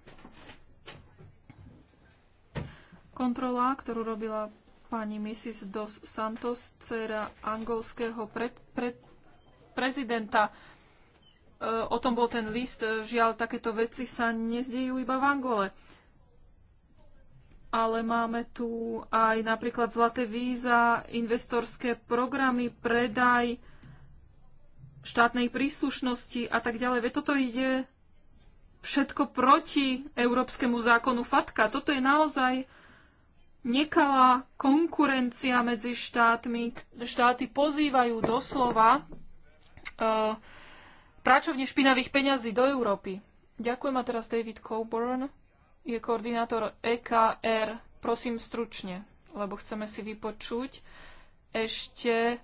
Kontrola, ktorú robila pani Mrs. Dos Santos, dcera angolského pred, pred, prezidenta. E, o tom bol ten list. Žiaľ, takéto veci sa nezdejú iba v Angole. Ale máme tu aj napríklad zlaté víza, investorské programy, predaj, štátnej príslušnosti a tak ďalej. Veď toto ide všetko proti európskemu zákonu FATKA. Toto je naozaj nekalá konkurencia medzi štátmi. Štáty pozývajú doslova uh, e, práčovne špinavých peňazí do Európy. Ďakujem a teraz David Coburn je koordinátor EKR. Prosím stručne, lebo chceme si vypočuť ešte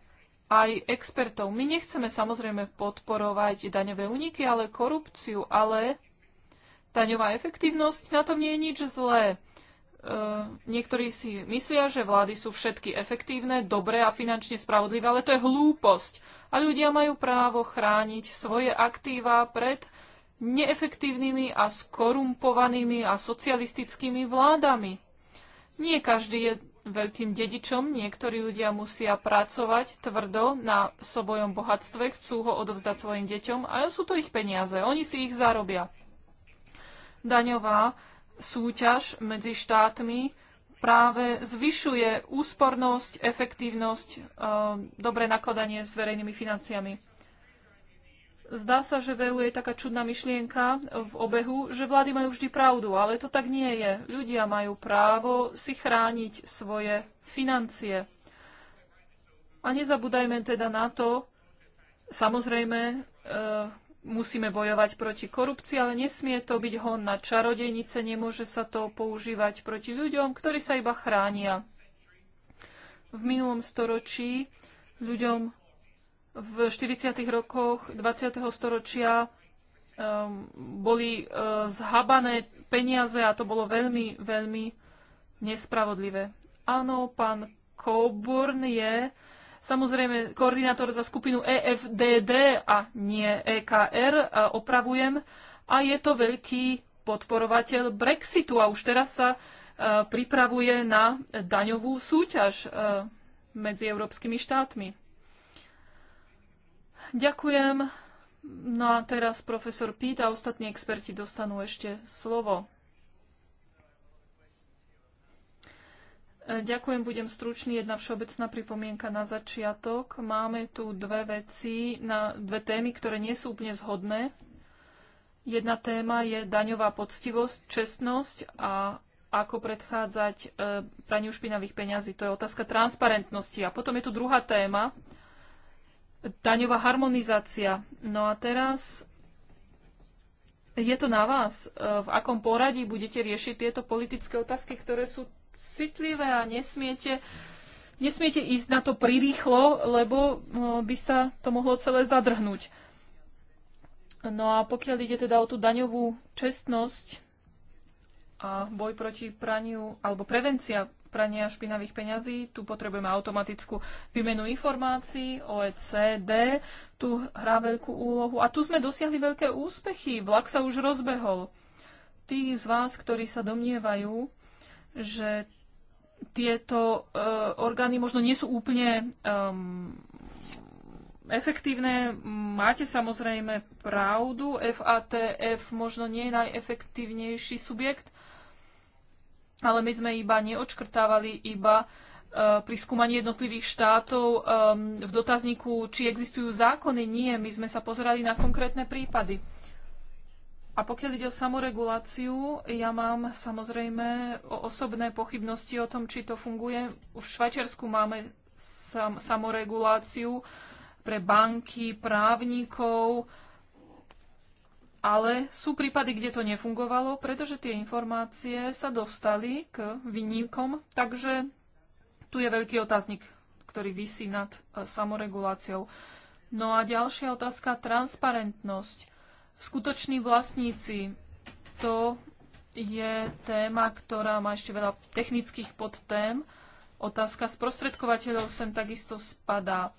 aj expertov. My nechceme samozrejme podporovať daňové úniky, ale korupciu, ale daňová efektívnosť, na tom nie je nič zlé. Uh, niektorí si myslia, že vlády sú všetky efektívne, dobré a finančne spravodlivé, ale to je hlúposť. A ľudia majú právo chrániť svoje aktíva pred neefektívnymi a skorumpovanými a socialistickými vládami. Nie každý je veľkým dedičom. Niektorí ľudia musia pracovať tvrdo na svojom bohatstve, chcú ho odovzdať svojim deťom, ale sú to ich peniaze, oni si ich zarobia. Daňová súťaž medzi štátmi práve zvyšuje úspornosť, efektívnosť, eh, dobré nakladanie s verejnými financiami. Zdá sa, že v EU je taká čudná myšlienka v obehu, že vlády majú vždy pravdu, ale to tak nie je. Ľudia majú právo si chrániť svoje financie. A nezabúdajme teda na to, samozrejme, e, musíme bojovať proti korupcii, ale nesmie to byť hon na čarodejnice, nemôže sa to používať proti ľuďom, ktorí sa iba chránia. V minulom storočí ľuďom v 40. rokoch 20. storočia ehm, boli e, zhabané peniaze a to bolo veľmi, veľmi nespravodlivé. Áno, pán Coburn je samozrejme koordinátor za skupinu EFDD a nie EKR, a e, opravujem, a je to veľký podporovateľ Brexitu a už teraz sa e, pripravuje na daňovú súťaž medzi európskymi štátmi. Ďakujem. No a teraz profesor Pít a ostatní experti dostanú ešte slovo. E, ďakujem, budem stručný. Jedna všeobecná pripomienka na začiatok. Máme tu dve veci, na dve témy, ktoré nie sú úplne zhodné. Jedna téma je daňová poctivosť, čestnosť a ako predchádzať e, praniu špinavých peňazí. To je otázka transparentnosti. A potom je tu druhá téma, daňová harmonizácia. No a teraz je to na vás, e, v akom poradí budete riešiť tieto politické otázky, ktoré sú citlivé a nesmiete, nesmiete ísť na to prirýchlo, lebo e, by sa to mohlo celé zadrhnúť. No a pokiaľ ide teda o tú daňovú čestnosť a boj proti praniu alebo prevencia prania špinavých peňazí. Tu potrebujeme automatickú výmenu informácií, OECD, tu hrá veľkú úlohu. A tu sme dosiahli veľké úspechy. Vlak sa už rozbehol. Tí z vás, ktorí sa domnievajú, že tieto uh, orgány možno nie sú úplne um, efektívne. Máte samozrejme pravdu. FATF možno nie je najefektívnejší subjekt, ale my sme iba neočkrtávali iba e, pri skúmaní jednotlivých štátov e, v dotazníku, či existujú zákony. Nie, my sme sa pozerali na konkrétne prípady. A pokiaľ ide o samoreguláciu, ja mám samozrejme osobné pochybnosti o tom, či to funguje. V Švajčiarsku máme sam, samoreguláciu pre banky, právnikov, ale sú prípady, kde to nefungovalo, pretože tie informácie sa dostali k vinníkom, takže tu je veľký otáznik, ktorý vysí nad e, samoreguláciou. No a ďalšia otázka, transparentnosť. Skutoční vlastníci, to je téma, ktorá má ešte veľa technických podtém. Otázka sprostredkovateľov sem takisto spadá.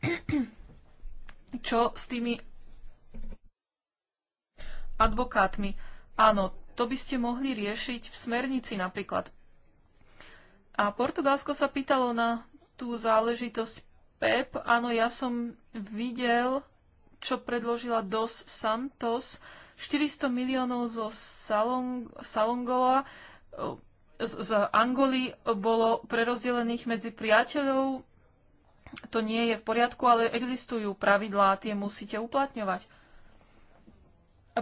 Čo s tými advokátmi. Áno, to by ste mohli riešiť v smernici napríklad. A Portugalsko sa pýtalo na tú záležitosť PEP. E Áno, ja som videl, čo predložila DOS Santos. 400 miliónov zo Salong- Salongola e, z, z Angoly bolo prerozdelených medzi priateľov. To nie je v poriadku, ale existujú pravidlá, tie musíte uplatňovať.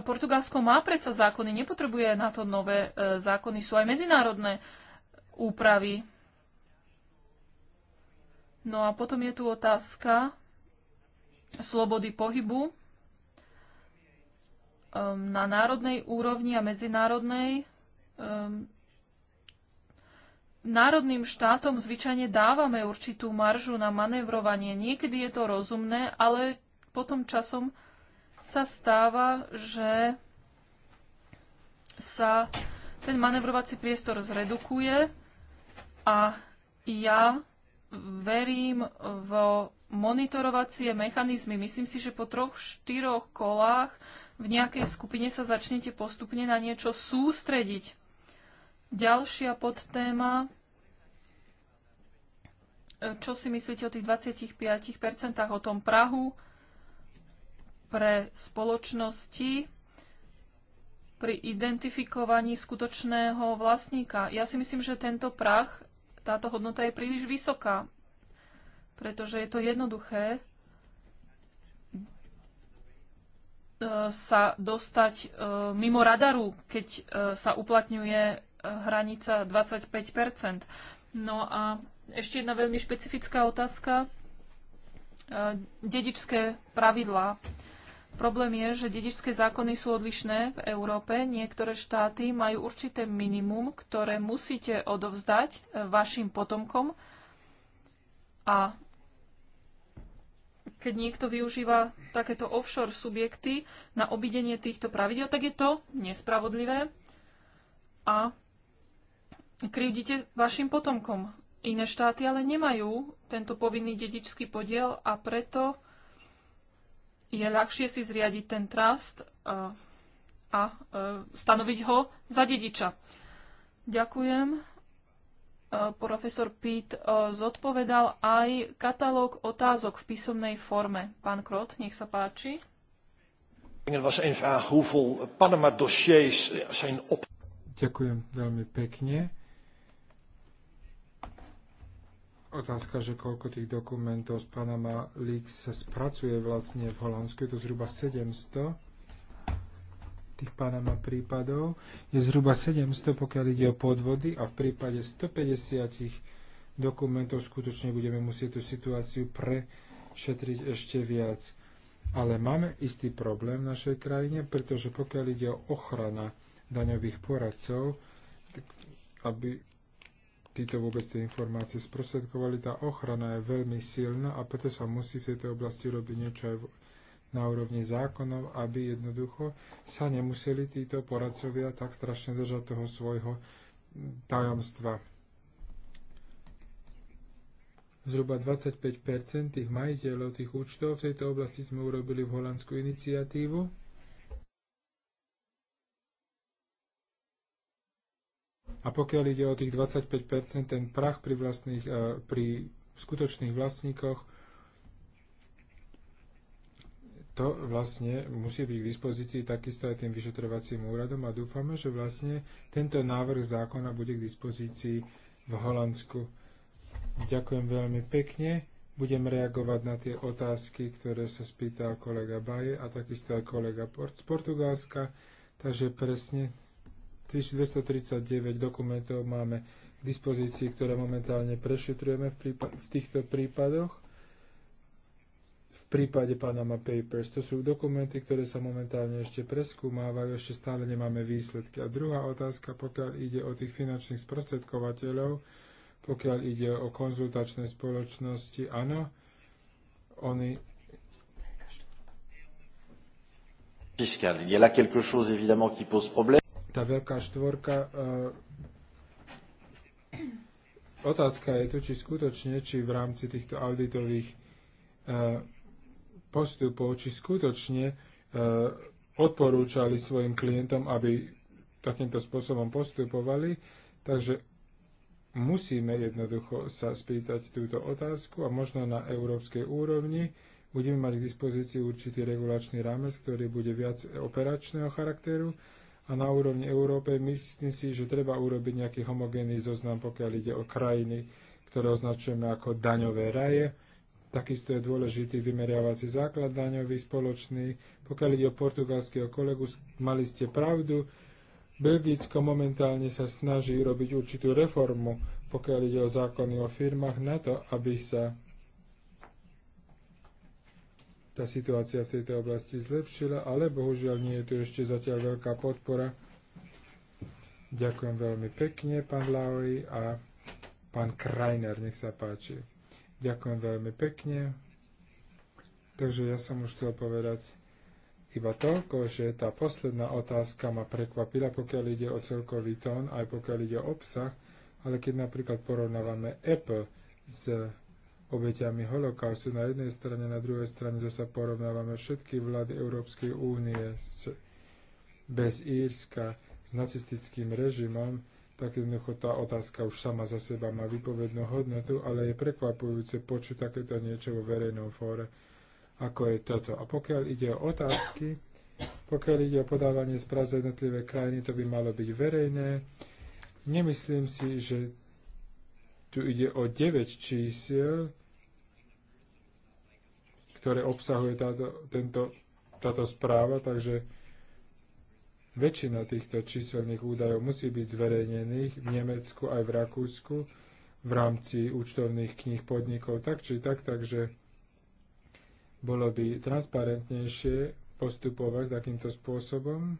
Portugalsko má predsa zákony, nepotrebuje na to nové e, zákony, sú aj medzinárodné úpravy. No a potom je tu otázka slobody pohybu e, na národnej úrovni a medzinárodnej. E, národným štátom zvyčajne dávame určitú maržu na manevrovanie. Niekedy je to rozumné, ale potom časom sa stáva, že sa ten manevrovací priestor zredukuje a ja verím v monitorovacie mechanizmy. Myslím si, že po troch, štyroch kolách v nejakej skupine sa začnete postupne na niečo sústrediť. Ďalšia podtéma. Čo si myslíte o tých 25% o tom Prahu? pre spoločnosti pri identifikovaní skutočného vlastníka. Ja si myslím, že tento prach, táto hodnota je príliš vysoká, pretože je to jednoduché e, sa dostať e, mimo radaru, keď e, sa uplatňuje hranica 25 No a ešte jedna veľmi špecifická otázka. Dedičské pravidlá Problém je, že dedičské zákony sú odlišné v Európe. Niektoré štáty majú určité minimum, ktoré musíte odovzdať e, vašim potomkom. A keď niekto využíva takéto offshore subjekty na obidenie týchto pravidel, tak je to nespravodlivé a krivdíte vašim potomkom. Iné štáty ale nemajú tento povinný dedičský podiel a preto je ľahšie si zriadiť ten trust e, a e, stanoviť ho za dediča. Ďakujem. E, profesor Pitt zodpovedal aj katalóg otázok v písomnej forme. Pán Krot, nech sa páči. Ďakujem veľmi pekne. otázka, že koľko tých dokumentov z Panama Leaks sa spracuje vlastne v Holandsku, je to zhruba 700 tých Panama prípadov, je zhruba 700, pokiaľ ide o podvody a v prípade 150 dokumentov skutočne budeme musieť tú situáciu prešetriť ešte viac. Ale máme istý problém v našej krajine, pretože pokiaľ ide o ochrana daňových poradcov, tak aby títo vôbec tie informácie sprostredkovali. Tá ochrana je veľmi silná a preto sa musí v tejto oblasti robiť niečo aj na úrovni zákonov, aby jednoducho sa nemuseli títo poradcovia tak strašne držať toho svojho tajomstva. Zhruba 25 tých majiteľov tých účtov v tejto oblasti sme urobili v Holandsku iniciatívu A pokiaľ ide o tých 25%, ten prach pri, vlastných, e, pri skutočných vlastníkoch, to vlastne musí byť k dispozícii takisto aj tým vyšetrovacím úradom a dúfame, že vlastne tento návrh zákona bude k dispozícii v Holandsku. Ďakujem veľmi pekne. Budem reagovať na tie otázky, ktoré sa spýtal kolega Baje a takisto aj kolega z Portugalska. Takže presne 1239 dokumentov máme k dispozícii, ktoré momentálne prešetrujeme v, prípa- v týchto prípadoch. V prípade Panama Papers. To sú dokumenty, ktoré sa momentálne ešte preskúmávajú, ešte stále nemáme výsledky. A druhá otázka, pokiaľ ide o tých finančných sprostredkovateľov, pokiaľ ide o konzultačné spoločnosti, áno, oni Fiscal. Il y a là quelque chose évidemment qui pose problème tá veľká štvorka. Eh, otázka je to, či skutočne, či v rámci týchto auditových eh, postupov, či skutočne eh, odporúčali svojim klientom, aby takýmto spôsobom postupovali. Takže musíme jednoducho sa spýtať túto otázku a možno na európskej úrovni budeme mať k dispozícii určitý regulačný rámec, ktorý bude viac operačného charakteru a na úrovni Európe myslím si, že treba urobiť nejaký homogénny zoznam, pokiaľ ide o krajiny, ktoré označujeme ako daňové raje. Takisto je dôležitý vymeriavací základ daňový spoločný. Pokiaľ ide o portugalského kolegu, mali ste pravdu. Belgicko momentálne sa snaží robiť určitú reformu, pokiaľ ide o zákony o firmách, na to, aby sa tá situácia v tejto oblasti zlepšila, ale bohužiaľ nie je tu ešte zatiaľ veľká podpora. Ďakujem veľmi pekne, pán Lauri a pán Krajner, nech sa páči. Ďakujem veľmi pekne. Takže ja som už chcel povedať iba toľko, že tá posledná otázka ma prekvapila, pokiaľ ide o celkový tón, aj pokiaľ ide o obsah, ale keď napríklad porovnávame Apple s obeťami holokaustu na jednej strane, na druhej strane zasa porovnávame všetky vlády Európskej únie s, bez Írska s nacistickým režimom, tak jednoducho tá otázka už sama za seba má vypovednú hodnotu, ale je prekvapujúce počuť takéto niečo vo verejnom fóre, ako je toto. A pokiaľ ide o otázky, pokiaľ ide o podávanie správ za jednotlivé krajiny, to by malo byť verejné. Nemyslím si, že tu ide o 9 čísiel, ktoré obsahuje táto, tento, táto správa, takže väčšina týchto číselných údajov musí byť zverejnených v Nemecku aj v Rakúsku v rámci účtovných kníh podnikov tak či tak, takže bolo by transparentnejšie postupovať takýmto spôsobom.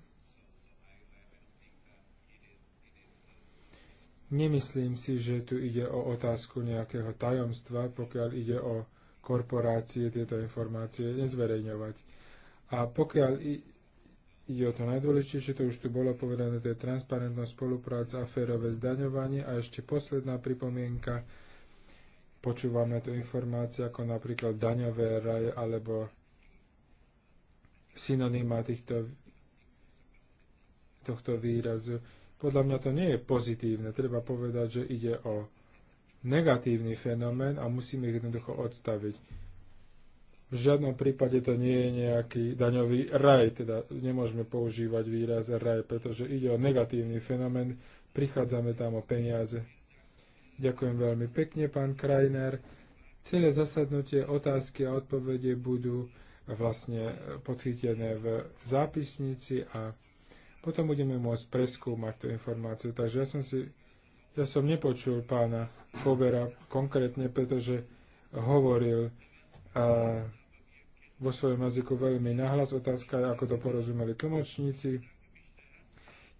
Nemyslím si, že tu ide o otázku nejakého tajomstva, pokiaľ ide o korporácie tieto informácie nezverejňovať. A pokiaľ ide o to najdôležitejšie, to už tu bolo povedané, to je transparentnosť, spolupráca a férové zdaňovanie. A ešte posledná pripomienka, počúvame tu informácie ako napríklad daňové raje alebo synonyma týchto, tohto výrazu. Podľa mňa to nie je pozitívne. Treba povedať, že ide o negatívny fenomén a musíme ich jednoducho odstaviť. V žiadnom prípade to nie je nejaký daňový raj, teda nemôžeme používať výraz raj, pretože ide o negatívny fenomén, prichádzame tam o peniaze. Ďakujem veľmi pekne, pán Krajner. Celé zasadnutie otázky a odpovede budú vlastne podchytené v zápisnici a potom budeme môcť preskúmať tú informáciu. Takže ja som si ja som nepočul pána Povera konkrétne, pretože hovoril a, vo svojom jazyku veľmi nahlas. Otázka ako to porozumeli tlmočníci.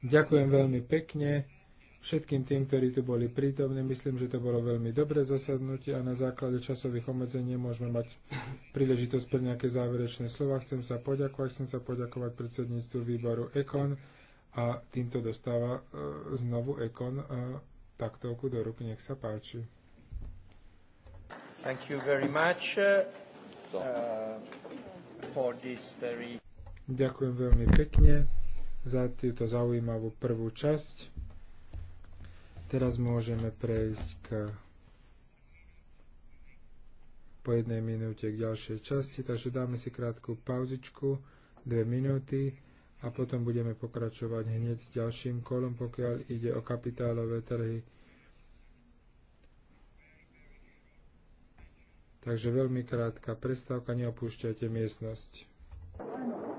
Ďakujem veľmi pekne všetkým tým, ktorí tu boli prítomní. Myslím, že to bolo veľmi dobré zasadnutie a na základe časových obmedzení môžeme mať príležitosť pre nejaké záverečné slova. Chcem sa poďakovať, chcem sa poďakovať predsedníctvu výboru EKON a týmto dostáva e, znovu EKON e, taktovku do ruky. Nech sa páči. Thank you very much uh, uh, for this very... Ďakujem veľmi pekne za túto zaujímavú prvú časť. Teraz môžeme prejsť k po jednej minúte k ďalšej časti, takže dáme si krátku pauzičku, dve minúty a potom budeme pokračovať hneď s ďalším kolom, pokiaľ ide o kapitálové trhy. Takže veľmi krátka prestávka, neopúšťajte miestnosť.